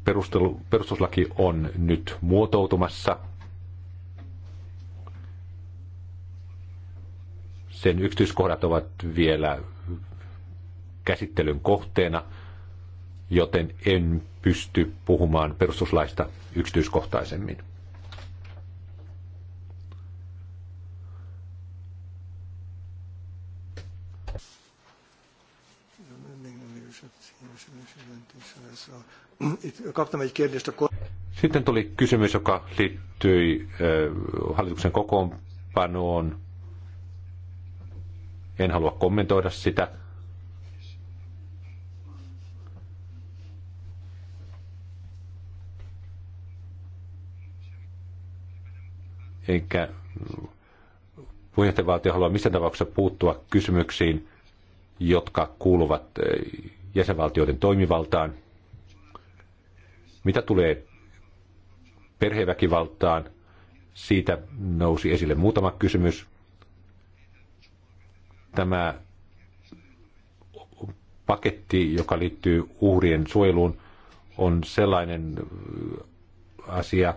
Perustelu, perustuslaki on nyt muotoutumassa. Sen yksityiskohdat ovat vielä käsittelyn kohteena, joten en pysty puhumaan perustuslaista yksityiskohtaisemmin. Sitten tuli kysymys, joka liittyi hallituksen kokoonpanoon. En halua kommentoida sitä. eikä puheenjohtajavaltio halua missään tapauksessa puuttua kysymyksiin, jotka kuuluvat eh, jäsenvaltioiden toimivaltaan. Mitä tulee perheväkivaltaan, siitä nousi esille muutama kysymys. Tämä paketti, joka liittyy uhrien suojeluun, on sellainen eh, asia,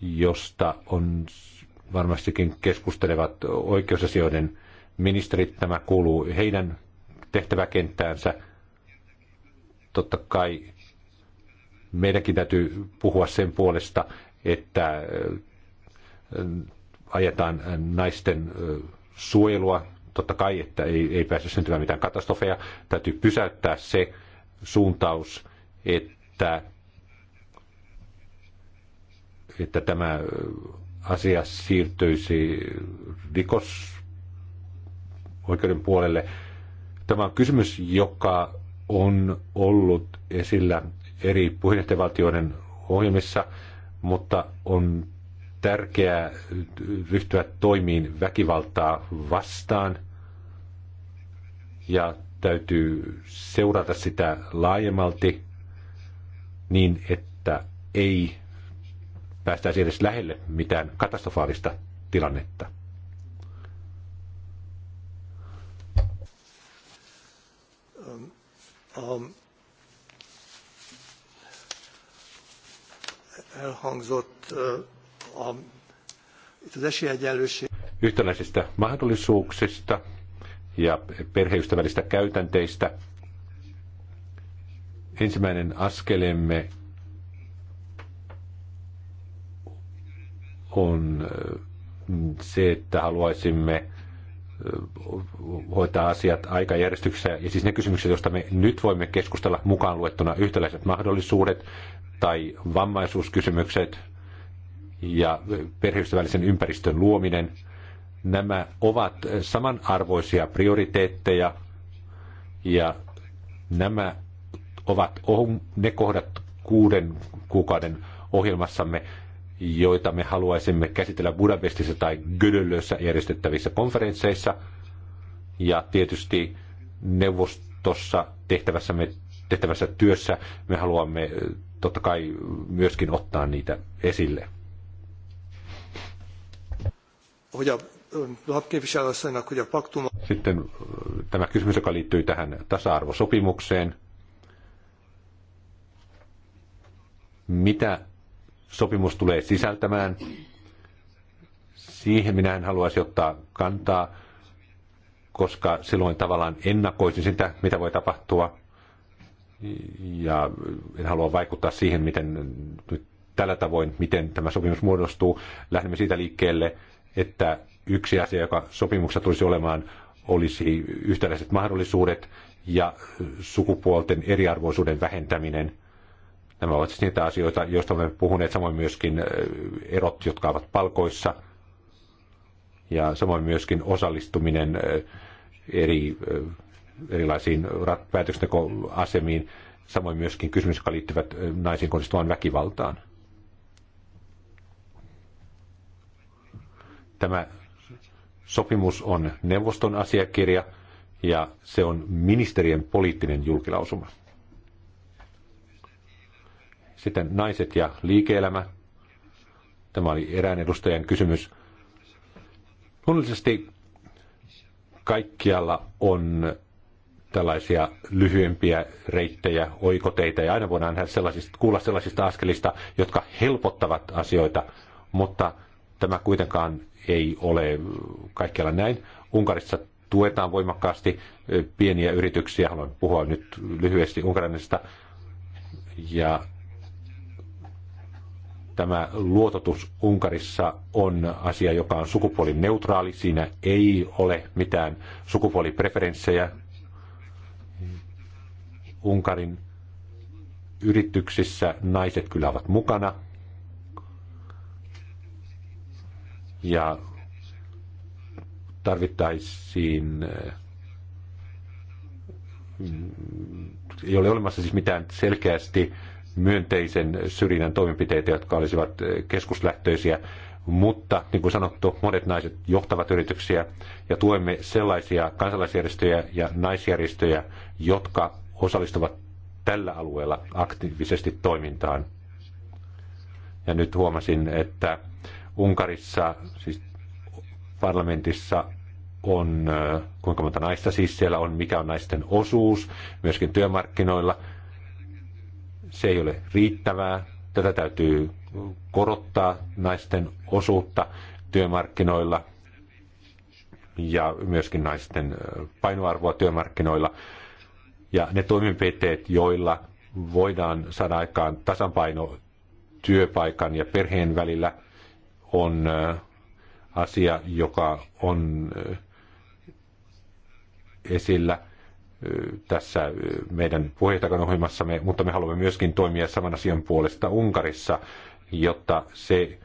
josta on varmastikin keskustelevat oikeusasioiden ministerit. Tämä kuuluu heidän tehtäväkenttäänsä. Totta kai meidänkin täytyy puhua sen puolesta, että äh, ajetaan naisten äh, suojelua. Totta kai, että ei, ei pääse syntymään mitään katastrofeja. Täytyy pysäyttää se suuntaus, että että tämä asia siirtyisi rikosoikeuden puolelle. Tämä on kysymys, joka on ollut esillä eri puheenjohtajavaltioiden ohjelmissa, mutta on tärkeää ryhtyä toimiin väkivaltaa vastaan ja täytyy seurata sitä laajemmalti niin, että ei päästäisiin edes lähelle mitään katastrofaalista tilannetta. Um, um elhangzott uh, um, az esélyegyenlőség. Yhtenäisistä mahdollisuuksista ja perheystävällistä käytänteistä. Ensimmäinen askelemme on äh, se, että haluaisimme äh, hoitaa asiat aikajärjestyksessä. Ja siis ne kysymykset, joista me nyt voimme keskustella mukaan luettuna yhtäläiset mahdollisuudet tai vammaisuuskysymykset ja perheystävällisen ympäristön luominen, nämä ovat samanarvoisia prioriteetteja ja nämä ovat ne kohdat kuuden kuukauden ohjelmassamme, joita me haluaisimme käsitellä Budapestissa tai Gödöllössä järjestettävissä konferensseissa. Ja tietysti neuvostossa tehtävässä, me, tehtävässä työssä me haluamme totta kai myöskin ottaa niitä esille. Sitten tämä kysymys, joka liittyy tähän tasa-arvosopimukseen. Mitä sopimus tulee sisältämään. Siihen minä en haluaisi ottaa kantaa, koska silloin tavallaan ennakoisin sitä, mitä voi tapahtua. Ja en halua vaikuttaa siihen, miten nyt tällä tavoin, miten tämä sopimus muodostuu. Lähdemme siitä liikkeelle, että yksi asia, joka sopimuksessa tulisi olemaan, olisi yhtäläiset mahdollisuudet ja sukupuolten eriarvoisuuden vähentäminen – Nämä ovat siis niitä asioita, joista olemme puhuneet, samoin myöskin erot, jotka ovat palkoissa, ja samoin myöskin osallistuminen eri, erilaisiin päätöksentekoasemiin, samoin myöskin kysymys, jotka liittyvät naisiin kohdistuvaan väkivaltaan. Tämä sopimus on neuvoston asiakirja ja se on ministerien poliittinen julkilausuma. Sitten naiset ja liike-elämä. Tämä oli erään edustajan kysymys. Luonnollisesti kaikkialla on tällaisia lyhyempiä reittejä, oikoteita ja aina voidaan sellaisista, kuulla sellaisista askelista, jotka helpottavat asioita, mutta tämä kuitenkaan ei ole kaikkialla näin. Unkarissa tuetaan voimakkaasti eh, pieniä yrityksiä, haluan puhua nyt lyhyesti Unkarinista, ja tämä luototus Unkarissa on asia, joka on sukupuolineutraali. Siinä ei ole mitään sukupuolipreferenssejä. Unkarin yrityksissä naiset kyllä ovat mukana. Ja tarvittaisiin ei ole olemassa siis mitään selkeästi myönteisen syrjinnän toimenpiteitä, jotka olisivat keskuslähtöisiä. Mutta niin kuin sanottu, monet naiset johtavat yrityksiä ja tuemme sellaisia kansalaisjärjestöjä ja naisjärjestöjä, jotka osallistuvat tällä alueella aktiivisesti toimintaan. Ja nyt huomasin, että Unkarissa, siis parlamentissa on, äh, kuinka monta naista siis siellä on, mikä on naisten osuus, myöskin työmarkkinoilla – se ei ole riittävää. Tätä täytyy korottaa naisten osuutta työmarkkinoilla ja myöskin naisten painoarvoa työmarkkinoilla. Ja ne toimenpiteet, joilla voidaan saada aikaan tasapaino työpaikan ja perheen välillä, on asia, joka on esillä – tässä meidän puheenjohtajan ohjelmassamme, mutta me haluamme myöskin toimia saman asian puolesta Unkarissa, jotta se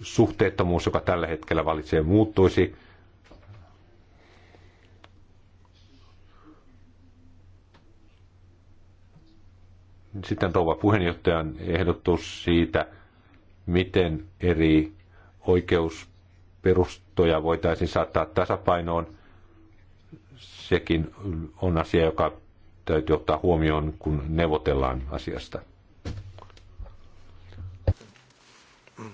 suhteettomuus, joka tällä hetkellä valitsee, muuttuisi. Sitten rouva puheenjohtajan ehdotus siitä, miten eri oikeusperustoja voitaisiin saattaa tasapainoon – sekin on asia, joka täytyy ottaa huomioon, kun neuvotellaan asiasta. Um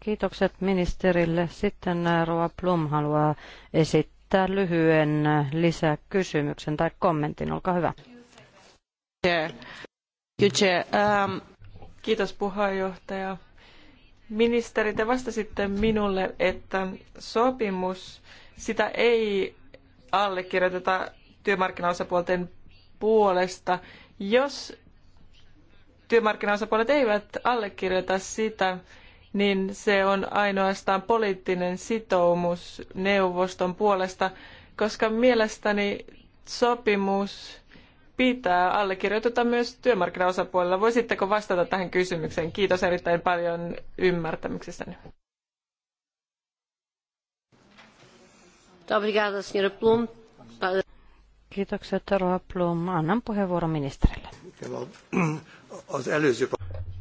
kiitokset ministerille. Sitten äh, Rova Plum haluaa esittää lyhyen äh, lisäkysymyksen tai kommentin. Olkaa hyvä. Um, Kiitos puheenjohtaja. Ministeri, te vastasitte minulle, että sopimus, sitä ei allekirjoiteta työmarkkinaosapuolten puolesta, jos työmarkkinaosapuolet eivät allekirjoita sitä, niin se on ainoastaan poliittinen sitoumus neuvoston puolesta, koska mielestäni sopimus pitää allekirjoiteta myös työmarkkinaosapuolella. Voisitteko vastata tähän kysymykseen? Kiitos erittäin paljon ymmärtämyksestäni. Kiitokset, Roa Plum. Annan puheenvuoron ministerille.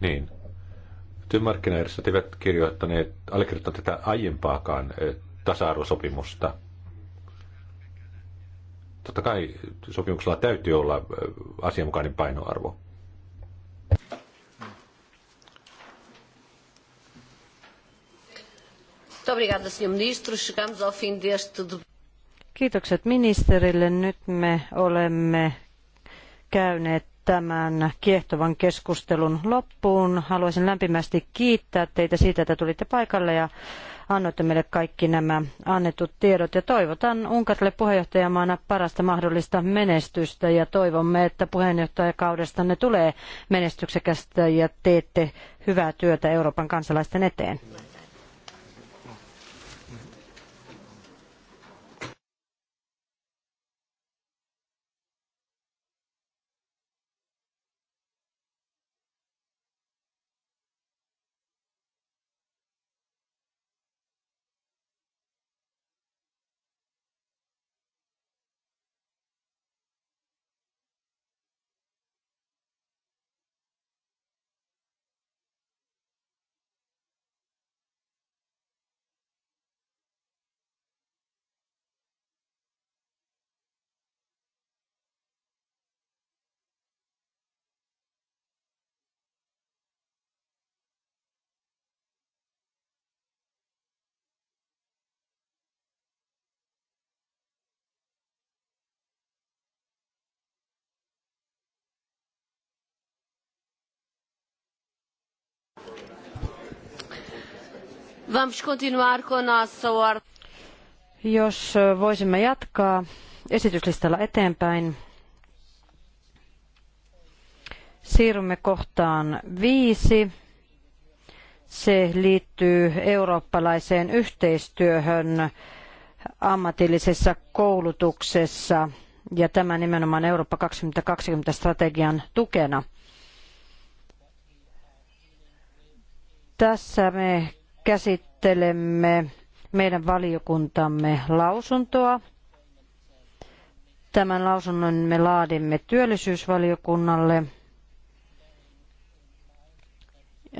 Niin. Työmarkkinajärjestöt eivät kirjoittaneet, allekirjoittaneet tätä aiempaakaan eh, tasa-arvosopimusta – totta kai sopimuksella täytyy olla asianmukainen painoarvo. Kiitokset ministerille. Nyt me olemme käyneet tämän kiehtovan keskustelun loppuun. Haluaisin lämpimästi kiittää teitä siitä, että tulitte paikalle ja annoitte meille kaikki nämä annetut tiedot. Ja toivotan Unkarille puheenjohtajamaana parasta mahdollista menestystä ja toivomme, että puheenjohtajakaudestanne tulee menestyksekästä ja teette hyvää työtä Euroopan kansalaisten eteen. Vamos continuar Jos voisimme jatkaa esityslistalla eteenpäin. Siirrymme kohtaan viisi. Se liittyy eurooppalaiseen yhteistyöhön ammatillisessa koulutuksessa ja tämä nimenomaan Eurooppa 2020 strategian tukena. Tässä me käsittelemme meidän valiokuntamme lausuntoa. Tämän lausunnon me laadimme työllisyysvaliokunnalle.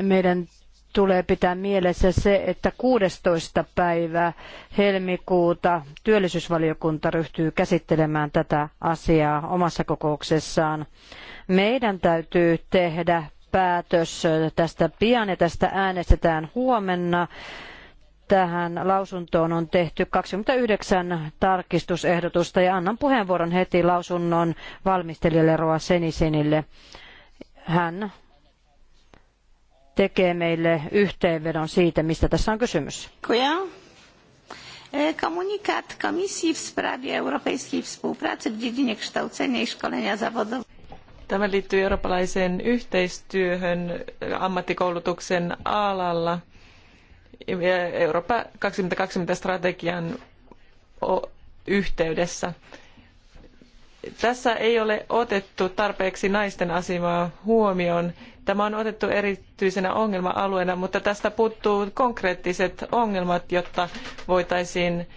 Meidän tulee pitää mielessä se, että 16. päivä helmikuuta työllisyysvaliokunta ryhtyy käsittelemään tätä asiaa omassa kokouksessaan. Meidän täytyy tehdä päätös tästä pian ja tästä äänestetään huomenna. Tähän lausuntoon on tehty 29 tarkistusehdotusta ja annan puheenvuoron heti lausunnon valmistelijalle Roa Senisinille. Hän tekee meille yhteenvedon siitä, mistä tässä on kysymys. Kiitos e, komunikat komisji w sprawie europejskiej współpracy w dziedzinie kształcenia i szkolenia zawodowego. Tämä liittyy eurooppalaiseen yhteistyöhön ammattikoulutuksen alalla. Eurooppa 2020-strategian yhteydessä. Tässä ei ole otettu tarpeeksi naisten asemaa huomioon. Tämä on otettu erityisenä ongelma-alueena, mutta tästä puuttuu konkreettiset ongelmat, jotta voitaisiin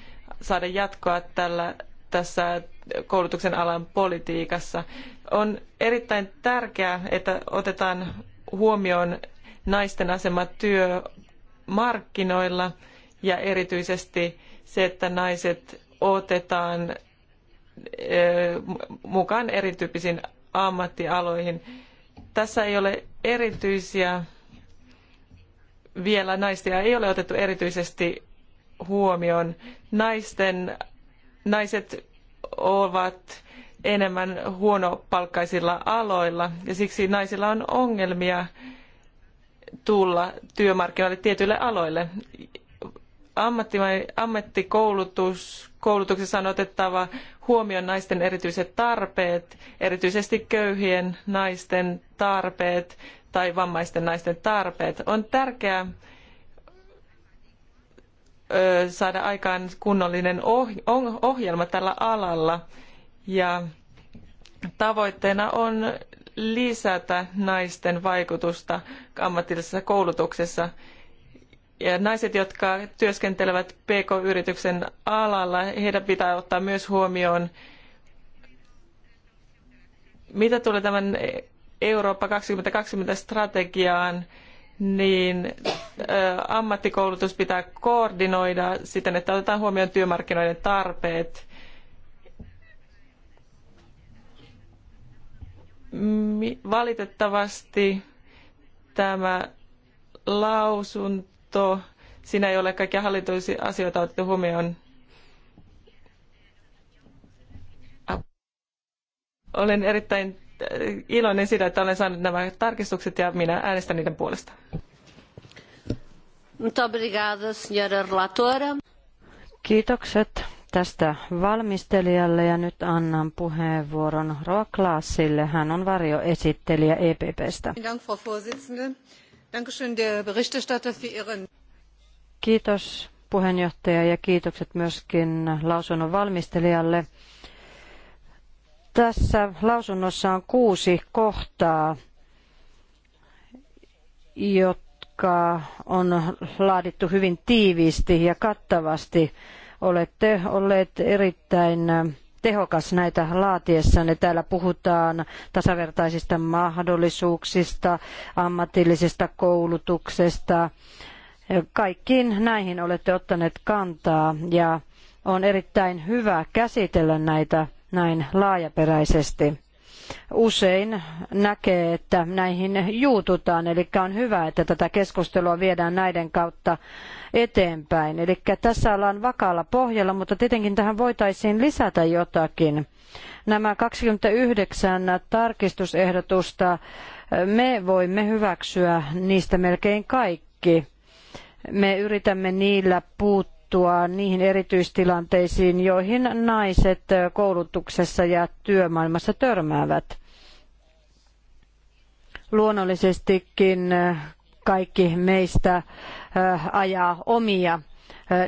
saada jatkoa tällä, tässä koulutuksen alan politiikassa. On erittäin tärkeää, että otetaan huomioon naisten asema työmarkkinoilla ja erityisesti se, että naiset otetaan mukaan erityyppisiin ammattialoihin. Tässä ei ole erityisiä vielä naisia ei ole otettu erityisesti huomioon. Naisten, naiset ovat enemmän huonopalkkaisilla aloilla ja siksi naisilla on ongelmia tulla työmarkkinoille tietyille aloille. Ammattikoulutus, koulutuksessa on otettava huomioon naisten erityiset tarpeet, erityisesti köyhien naisten tarpeet tai vammaisten naisten tarpeet. On tärkeää saada aikaan kunnollinen ohjelma tällä alalla ja tavoitteena on lisätä naisten vaikutusta ammatillisessa koulutuksessa. Ja naiset, jotka työskentelevät PK-yrityksen alalla, heidän pitää ottaa myös huomioon, mitä tulee tämän Eurooppa 2020 strategiaan, niin ammattikoulutus pitää koordinoida siten, että otetaan huomioon työmarkkinoiden tarpeet. valitettavasti tämä lausunto, siinä ei ole kaikkia hallituisia asioita otettu huomioon. Olen erittäin äh, iloinen siitä, että olen saanut nämä tarkistukset ja minä äänestän niiden puolesta. Muito obrigada, senhora relatora. Kiitokset tästä valmistelijalle ja nyt annan puheenvuoron Roa Klaasille. Hän on varjoesittelijä EPPstä. Kiitos puheenjohtaja ja kiitokset myöskin lausunnon valmistelijalle. Tässä lausunnossa on kuusi kohtaa, jotka on laadittu hyvin tiiviisti ja kattavasti Olette olleet erittäin äh, tehokas näitä laatiessanne. Täällä puhutaan tasavertaisista mahdollisuuksista, ammatillisesta koulutuksesta. Äh, kaikkiin näihin olette ottaneet kantaa ja on erittäin hyvä käsitellä näitä näin laajaperäisesti usein näkee, että näihin juututaan. Eli on hyvä, että tätä keskustelua viedään näiden kautta eteenpäin. Eli tässä ollaan vakaalla pohjalla, mutta tietenkin tähän voitaisiin lisätä jotakin. Nämä 29 tarkistusehdotusta me voimme hyväksyä niistä melkein kaikki. Me yritämme niillä puuttua puuttua niihin erityistilanteisiin, joihin naiset koulutuksessa ja työmaailmassa törmäävät. Luonnollisestikin kaikki meistä äh, ajaa omia äh,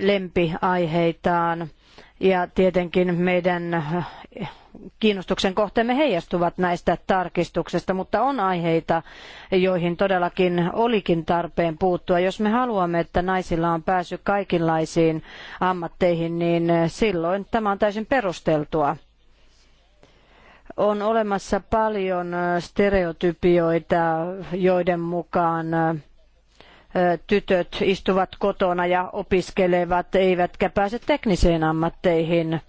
lempiaiheitaan ja tietenkin meidän äh, kiinnostuksen kohteemme heijastuvat näistä tarkistuksista, mutta on aiheita, joihin todellakin olikin tarpeen puuttua. Jos me haluamme, että naisilla on pääsy kaikenlaisiin ammatteihin, niin äh, silloin tämä on täysin perusteltua on olemassa paljon äh, stereotypioita, joiden mukaan tytöt istuvat kotona ja opiskelevat, eivätkä pääse teknisiin ammatteihin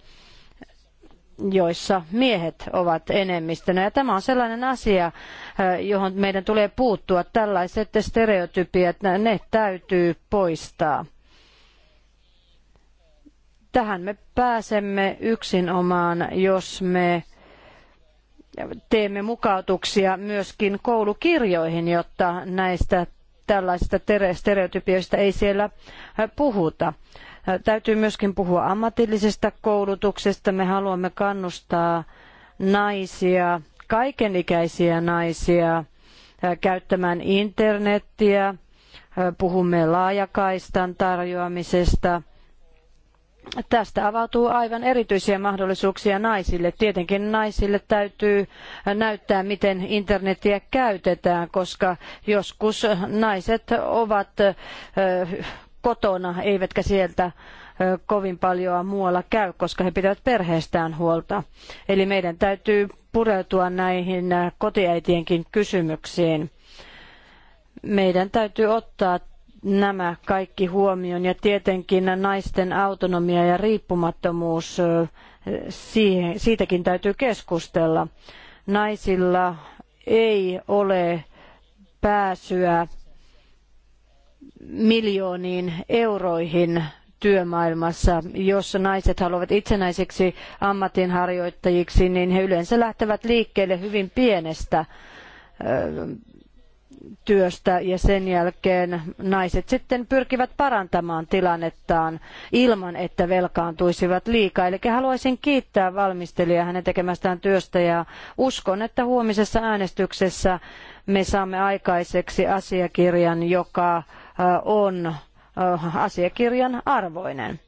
joissa miehet ovat enemmistönä. Ja tämä on sellainen asia, johon meidän tulee puuttua. Tällaiset stereotypiat, ne täytyy poistaa. Tähän me pääsemme yksinomaan, jos me teemme mukautuksia myöskin koulukirjoihin, jotta näistä tällaisista stereotypioista ei siellä puhuta. Täytyy myöskin puhua ammatillisesta koulutuksesta. Me haluamme kannustaa naisia, kaikenikäisiä naisia käyttämään internettiä. Puhumme laajakaistan tarjoamisesta Tästä avautuu aivan erityisiä mahdollisuuksia naisille. Tietenkin naisille täytyy näyttää, miten internetiä käytetään, koska joskus naiset ovat kotona, eivätkä sieltä kovin paljon muualla käy, koska he pitävät perheestään huolta. Eli meidän täytyy pureutua näihin kotiäitienkin kysymyksiin. Meidän täytyy ottaa nämä kaikki huomioon ja tietenkin naisten autonomia ja riippumattomuus, siitäkin täytyy keskustella. Naisilla ei ole pääsyä miljooniin euroihin työmaailmassa. Jos naiset haluavat itsenäisiksi ammatinharjoittajiksi, niin he yleensä lähtevät liikkeelle hyvin pienestä työstä ja sen jälkeen naiset sitten pyrkivät parantamaan tilannettaan ilman, että velkaantuisivat liikaa. Eli haluaisin kiittää valmistelijaa hänen tekemästään työstä ja uskon, että huomisessa äänestyksessä me saamme aikaiseksi asiakirjan, joka on asiakirjan arvoinen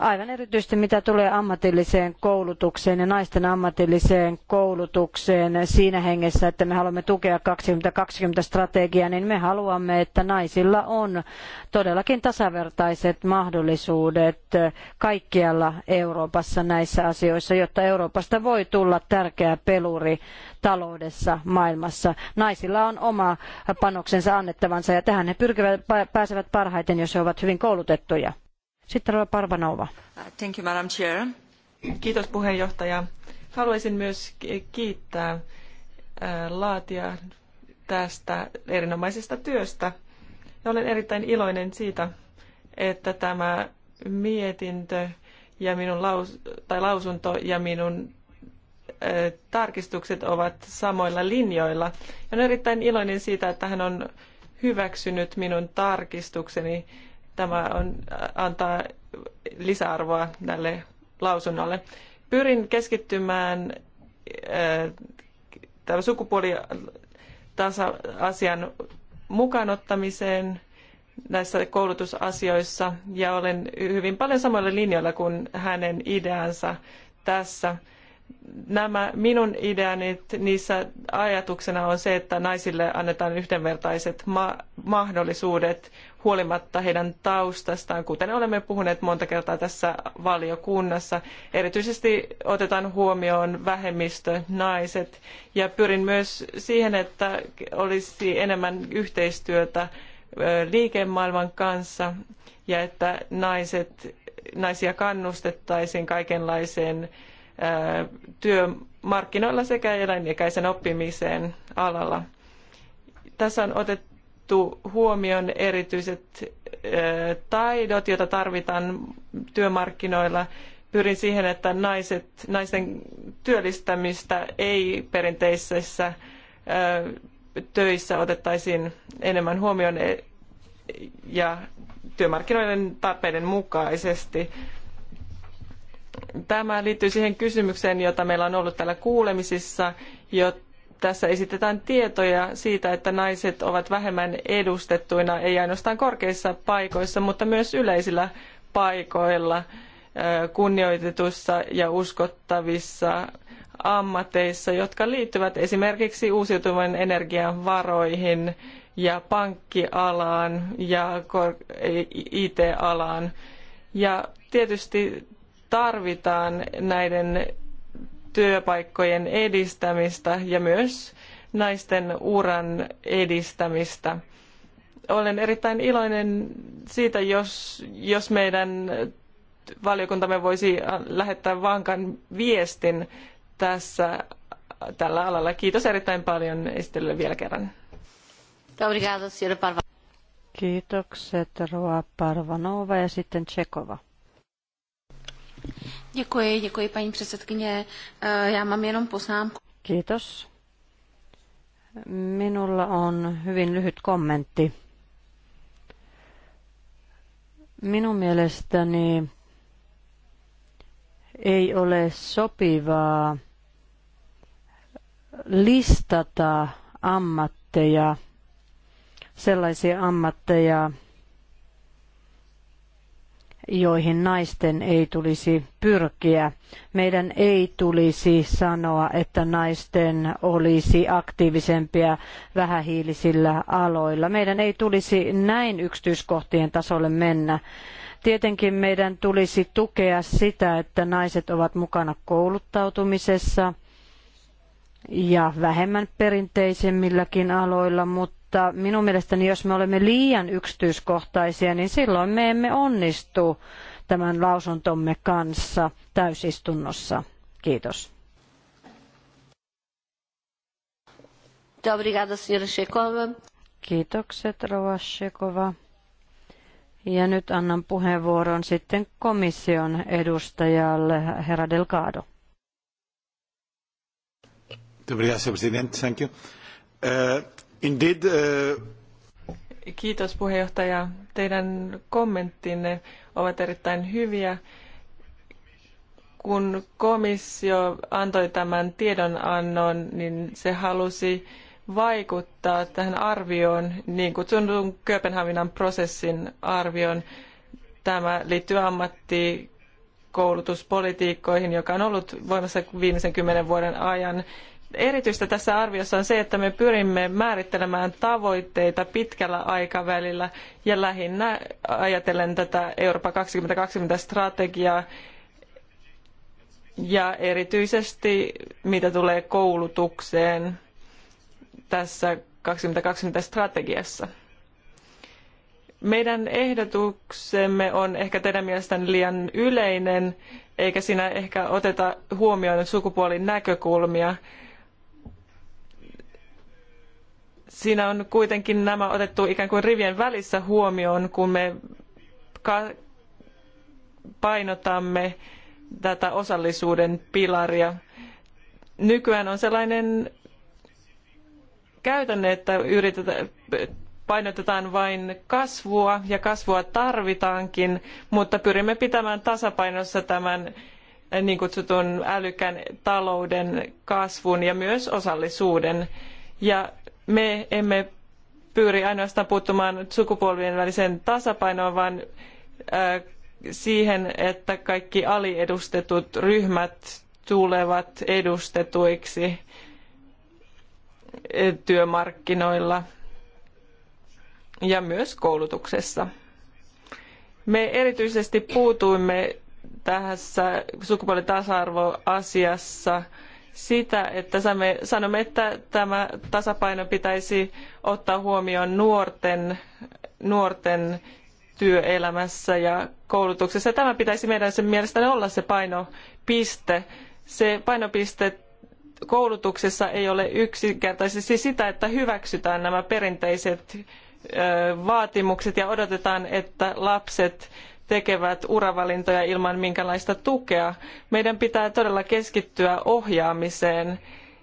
aivan erityisesti mitä tulee ammatilliseen koulutukseen ja naisten ammatilliseen koulutukseen siinä hengessä, että me haluamme tukea 2020 strategiaa, niin me haluamme, että naisilla on todellakin tasavertaiset mahdollisuudet kaikkialla Euroopassa näissä asioissa, jotta Euroopasta voi tulla tärkeä peluri taloudessa maailmassa. Naisilla on oma panoksensa annettavansa ja tähän he pyrkivät, pääsevät parhaiten, jos he ovat hyvin koulutettuja. Sitten Rova Parvanova. Thank you, Madam Chair. Kiitos puheenjohtaja. Haluaisin myös kiittää laatia tästä erinomaisesta työstä. Ja olen erittäin iloinen siitä, että tämä mietintö ja minun laus, tai lausunto ja minun tarkistukset ovat samoilla linjoilla. Ja olen erittäin iloinen siitä, että hän on hyväksynyt minun tarkistukseni Tämä on, äh, antaa lisäarvoa tälle lausunnolle. Pyrin keskittymään äh, tämän sukupuolitasa-asian mukaanottamiseen näissä koulutusasioissa ja olen hyvin paljon samoilla linjoilla kuin hänen ideansa tässä. Nämä minun ideani, niissä ajatuksena on se, että naisille annetaan yhdenvertaiset ma mahdollisuudet huolimatta heidän taustastaan, kuten olemme puhuneet monta kertaa tässä valiokunnassa. Erityisesti otetaan huomioon vähemmistö, naiset ja pyrin myös siihen, että olisi enemmän yhteistyötä liikemaailman kanssa ja että naiset, naisia kannustettaisiin kaikenlaiseen työmarkkinoilla sekä elinikäisen oppimiseen alalla. Tässä on otettu otettu huomioon erityiset taidot, joita tarvitaan työmarkkinoilla. Pyrin siihen, että naiset, naisten työllistämistä ei perinteisessä töissä otettaisiin enemmän huomioon e, ja työmarkkinoiden tarpeiden mukaisesti. Tämä liittyy siihen kysymykseen, jota meillä on ollut täällä kuulemisissa, jotta tässä esitetään tietoja siitä, että naiset ovat vähemmän edustettuina, ei ainoastaan korkeissa paikoissa, mutta myös yleisillä paikoilla, kunnioitetuissa ja uskottavissa ammateissa, jotka liittyvät esimerkiksi uusiutuvan energian varoihin ja pankkialaan ja IT-alaan. Ja tietysti tarvitaan näiden työpaikkojen edistämistä ja myös naisten uran edistämistä. Olen erittäin iloinen siitä, jos, jos meidän valiokuntamme voisi lähettää vankan viestin tässä tällä alalla. Kiitos erittäin paljon esittelylle vielä kerran. Kiitokset Roa Parvanova ja sitten Tsekova. Děkuji, děkuji paní předsedkyně. Eh, já mám jenom poznámku. Kiitos. Minulla on hyvin lyhyt kommentti. Minun mielestäni ei ole sopivaa listata ammatteja, sellaisia ammatteja, joihin naisten ei tulisi pyrkiä. Meidän ei tulisi sanoa, että naisten olisi aktiivisempia vähähiilisillä aloilla. Meidän ei tulisi näin yksityiskohtien tasolle mennä. Tietenkin meidän tulisi tukea sitä, että naiset ovat mukana kouluttautumisessa ja vähemmän perinteisemmilläkin aloilla, mutta mutta minun mielestäni jos me olemme liian yksityiskohtaisia, niin silloin me emme onnistu tämän lausuntomme kanssa täysistunnossa. Kiitos. Kiitokset, Rova Shekova. Ja nyt annan puheenvuoron sitten komission edustajalle, herra Delgado. Obrigado, Sr. Thank you. Uh, Indeed, uh... Kiitos puheenjohtaja. Teidän kommenttinne ovat erittäin hyviä. Kun komissio antoi tämän tiedonannon, niin se halusi vaikuttaa tähän arvioon, niin kutsutun Kööpenhaminan prosessin arvioon. Tämä liittyy ammattikoulutuspolitiikkoihin, joka on ollut voimassa viimeisen kymmenen vuoden ajan erityistä tässä arviossa on se, että me pyrimme määrittelemään tavoitteita pitkällä aikavälillä ja lähinnä ajatellen tätä Eurooppa 2020-strategiaa ja erityisesti mitä tulee koulutukseen tässä 2020-strategiassa. Meidän ehdotuksemme on ehkä teidän mielestänne liian yleinen, eikä siinä ehkä oteta huomioon sukupuolin näkökulmia siinä on kuitenkin nämä otettu ikään kuin rivien välissä huomioon, kun me painotamme tätä osallisuuden pilaria. Nykyään on sellainen käytänne, että yritetään, painotetaan vain kasvua ja kasvua tarvitaankin, mutta pyrimme pitämään tasapainossa tämän niin kutsutun älykkään talouden kasvun ja myös osallisuuden. Ja me emme pyri ainoastaan puuttumaan sukupolvien väliseen tasapainoon, vaan äh, siihen, että kaikki aliedustetut ryhmät tulevat edustetuiksi e, työmarkkinoilla ja myös koulutuksessa. Me erityisesti puutuimme tässä sukupuolitasa-arvoasiassa asiassa sitä, että sanomme, että tämä tasapaino pitäisi ottaa huomioon nuorten, nuorten työelämässä ja koulutuksessa. Tämä pitäisi meidän sen mielestäni olla se painopiste. Se painopiste koulutuksessa ei ole yksinkertaisesti sitä, että hyväksytään nämä perinteiset vaatimukset ja odotetaan, että lapset tekevät uravalintoja ilman minkälaista tukea. Meidän pitää todella keskittyä ohjaamiseen.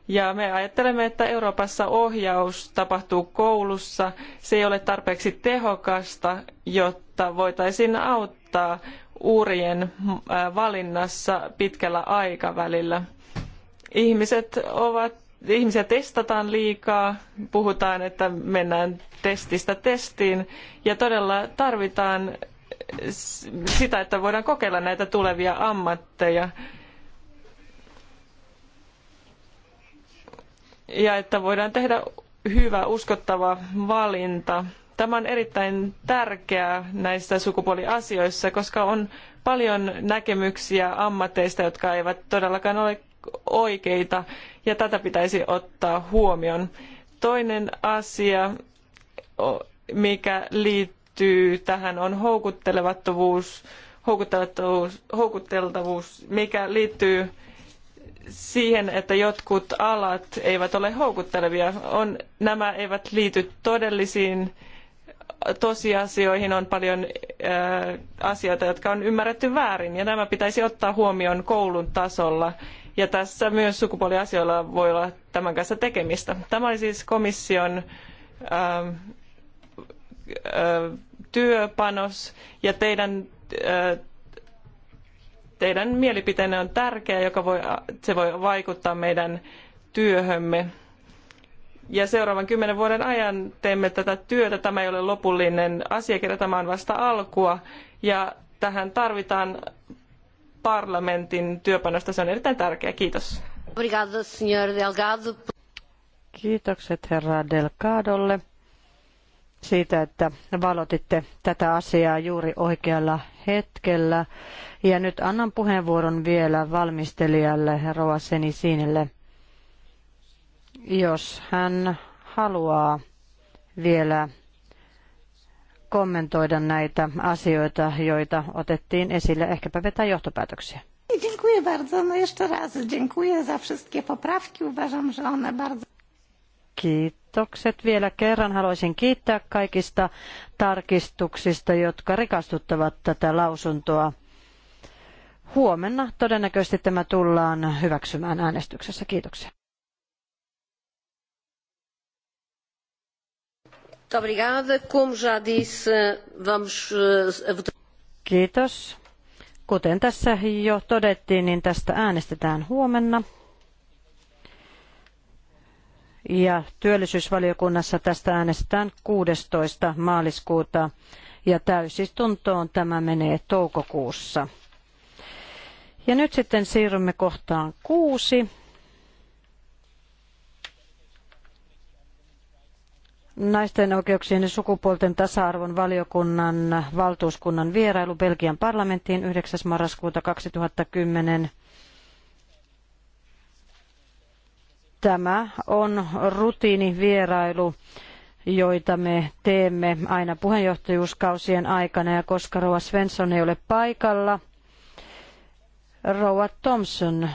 Ja me ajattelemme, että Euroopassa ohjaus tapahtuu koulussa. Se ei ole tarpeeksi tehokasta, jotta voitaisiin auttaa uurien valinnassa pitkällä aikavälillä. Ihmiset ovat ihmisiä testataan liikaa, puhutaan, että mennään testistä testiin ja todella tarvitaan sitä, että voidaan kokeilla näitä tulevia ammatteja. Ja että voidaan tehdä hyvä, uskottava valinta. Tämä on erittäin tärkeää näissä sukupuoliasioissa, koska on paljon näkemyksiä ammateista, jotka eivät todellakaan ole oikeita, ja tätä pitäisi ottaa huomioon. Toinen asia, mikä liittyy liittyy tähän on houkuttelevattomuus, houkuttelevuus, houkutteltavuus, mikä liittyy siihen, että jotkut alat eivät ole houkuttelevia. On, nämä eivät liity todellisiin tosiasioihin on paljon äh, asioita, jotka on ymmärretty väärin, ja nämä pitäisi ottaa huomioon koulun tasolla. Ja tässä myös sukupuoliasioilla voi olla tämän kanssa tekemistä. Tämä oli siis komission ähm, äh, työpanos ja teidän, äh, teidän mielipiteenne on tärkeä, joka voi, se voi vaikuttaa meidän työhömme. Ja seuraavan kymmenen vuoden ajan teemme tätä työtä. Tämä ei ole lopullinen asiakirja, tämä on vasta alkua. Ja tähän tarvitaan parlamentin työpanosta. Se on erittäin tärkeää. Kiitos. Kiitokset herra Delgadolle siitä, että valotitte tätä asiaa juuri oikealla hetkellä. Ja nyt annan puheenvuoron vielä valmistelijalle, Roa Senisiinille, jos hän haluaa vielä kommentoida näitä asioita, joita otettiin esille, ehkäpä vetää johtopäätöksiä. Dziękuję bardzo. No jeszcze raz dziękuję za wszystkie poprawki. Uważam, że one bardzo... Kiitokset vielä kerran. Haluaisin kiittää kaikista tarkistuksista, jotka rikastuttavat tätä lausuntoa. Huomenna todennäköisesti tämä tullaan hyväksymään äänestyksessä. Kiitoksia. Eh, Kiitos. Kuten tässä jo todettiin, niin tästä äänestetään huomenna ja työllisyysvaliokunnassa tästä äänestetään 16. maaliskuuta ja täysistuntoon tämä menee toukokuussa. Ja nyt sitten siirrymme kohtaan kuusi. naisten oikeuksien ja sukupuolten tasa-arvon valiokunnan valtuuskunnan vierailu Belgian parlamenttiin 9. marraskuuta 2010 Tämä on rutiinivierailu joita me teemme aina puheenjohtajuuskausien aikana. Ja koska Rouva Svensson ei ole paikalla, Rouva Thompson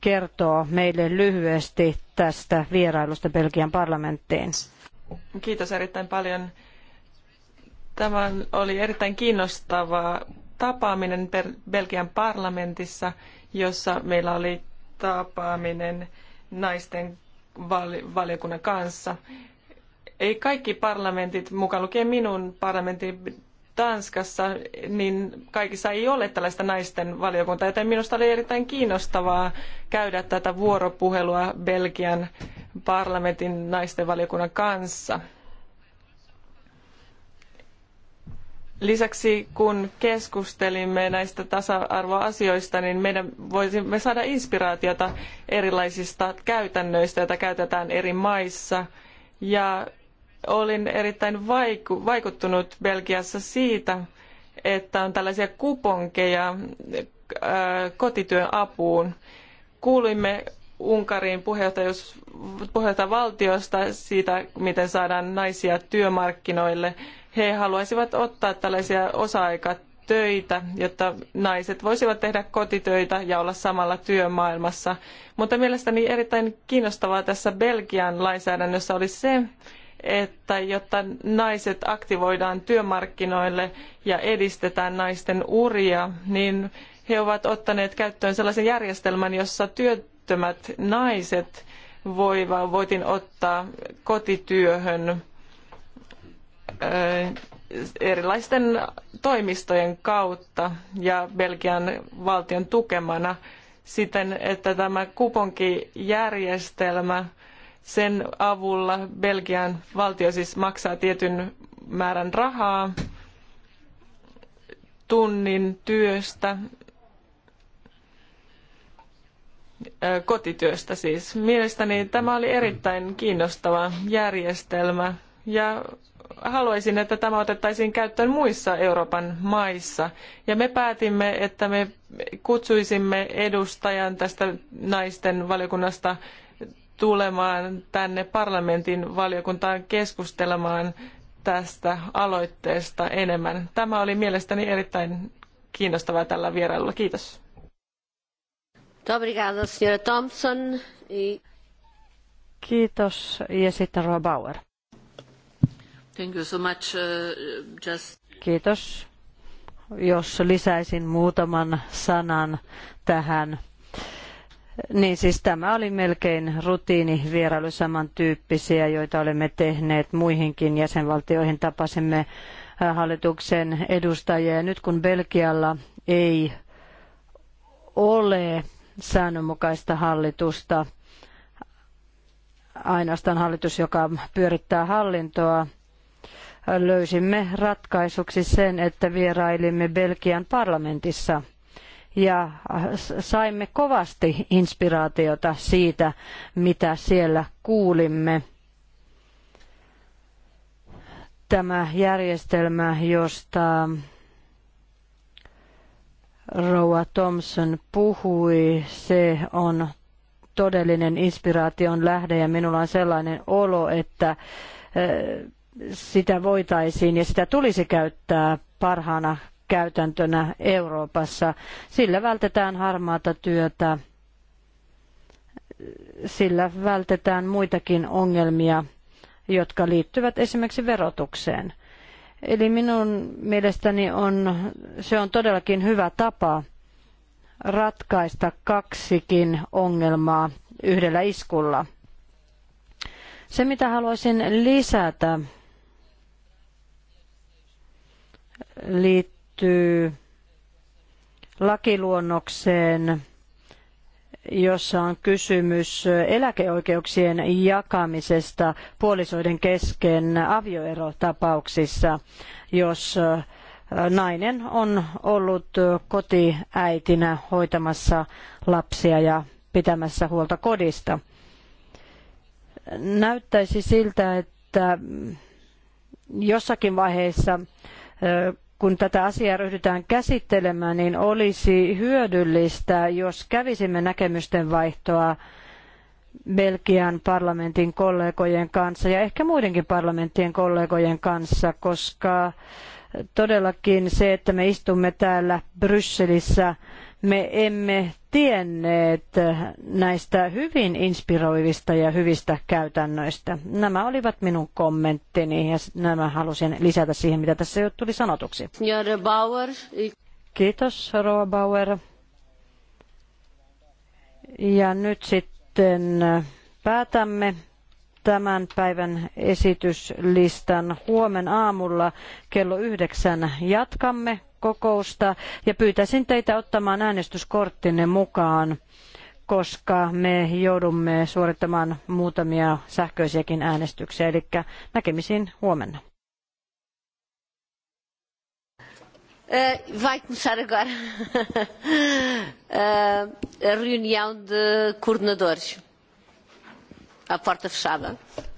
kertoo meille lyhyesti tästä vierailusta Belgian parlamenttiin. Kiitos erittäin paljon. Tämä oli erittäin kiinnostava tapaaminen Belgian parlamentissa, jossa meillä oli tapaaminen naisten valiokunnan kanssa. Ei kaikki parlamentit, mukaan lukien minun parlamentin Tanskassa, niin kaikissa ei ole tällaista naisten valiokuntaa, joten minusta oli erittäin kiinnostavaa käydä tätä vuoropuhelua Belgian parlamentin naisten valiokunnan kanssa. Lisäksi kun keskustelimme näistä tasa-arvoasioista, niin meidän voisimme saada inspiraatiota erilaisista käytännöistä, joita käytetään eri maissa. Ja olin erittäin vaikuttunut Belgiassa siitä, että on tällaisia kuponkeja äh, kotityön apuun. Kuulimme Unkarin puheenjohtajavaltiosta siitä, miten saadaan naisia työmarkkinoille – he haluaisivat ottaa tällaisia osa-aikatöitä, jotta naiset voisivat tehdä kotitöitä ja olla samalla työmaailmassa. Mutta mielestäni erittäin kiinnostavaa tässä Belgian lainsäädännössä oli se, että jotta naiset aktivoidaan työmarkkinoille ja edistetään naisten uria, niin he ovat ottaneet käyttöön sellaisen järjestelmän, jossa työttömät naiset voivat, voitin ottaa kotityöhön erilaisten toimistojen kautta ja Belgian valtion tukemana siten, että tämä kuponkijärjestelmä sen avulla Belgian valtio siis maksaa tietyn määrän rahaa tunnin työstä, kotityöstä siis. Mielestäni tämä oli erittäin kiinnostava järjestelmä ja haluaisin, että tämä otettaisiin käyttöön muissa Euroopan maissa. Ja me päätimme, että me kutsuisimme edustajan tästä naisten valiokunnasta tulemaan tänne parlamentin valiokuntaan keskustelemaan tästä aloitteesta enemmän. Tämä oli mielestäni erittäin kiinnostavaa tällä vierailulla. Kiitos. E- Kiitos ja sitten Roa Bauer. Uh, Kiitos. Jos lisäisin muutaman sanan tähän. Niin siis tämä oli melkein rutiinivierailu samantyyppisiä, joita olemme tehneet muihinkin jäsenvaltioihin. Tapasimme äh, hallituksen edustajia ja nyt kun Belgialla ei ole säännönmukaista hallitusta, ainoastaan hallitus, joka pyörittää hallintoa, löysimme ratkaisuksi sen, että vierailimme Belgian parlamentissa ja saimme kovasti inspiraatiota siitä, mitä siellä kuulimme. Tämä järjestelmä, josta Rouva Thompson puhui, se on todellinen inspiraation lähde ja minulla on sellainen olo, että eh, sitä voitaisiin ja sitä tulisi käyttää parhaana käytäntönä Euroopassa. Sillä vältetään harmaata työtä, sillä vältetään muitakin ongelmia, jotka liittyvät esimerkiksi verotukseen. Eli minun mielestäni on, se on todellakin hyvä tapa ratkaista kaksikin ongelmaa yhdellä iskulla. Se, mitä haluaisin lisätä liittyy lakiluonnokseen, jossa on kysymys eläkeoikeuksien jakamisesta puolisoiden kesken avioerotapauksissa, jos nainen on ollut kotiäitinä hoitamassa lapsia ja pitämässä huolta kodista. Näyttäisi siltä, että jossakin vaiheessa kun tätä asiaa ryhdytään käsittelemään, niin olisi hyödyllistä, jos kävisimme näkemysten vaihtoa Belgian parlamentin kollegojen kanssa ja ehkä muidenkin parlamenttien kollegojen kanssa, koska todellakin se, että me istumme täällä Brysselissä me emme tienneet näistä hyvin inspiroivista ja hyvistä käytännöistä. Nämä olivat minun kommenttini ja nämä halusin lisätä siihen, mitä tässä jo tuli sanotuksi. Bauer. Kiitos, Rova Bauer. Ja nyt sitten päätämme tämän päivän esityslistan. Huomen aamulla kello yhdeksän jatkamme kokousta ja pyytäisin teitä ottamaan äänestyskorttinne mukaan koska me joudumme suorittamaan muutamia sähköisiäkin äänestyksiä, eli näkemisiin huomenna. Eh, vai começar agora a reunião de coordenadores, porta fechada.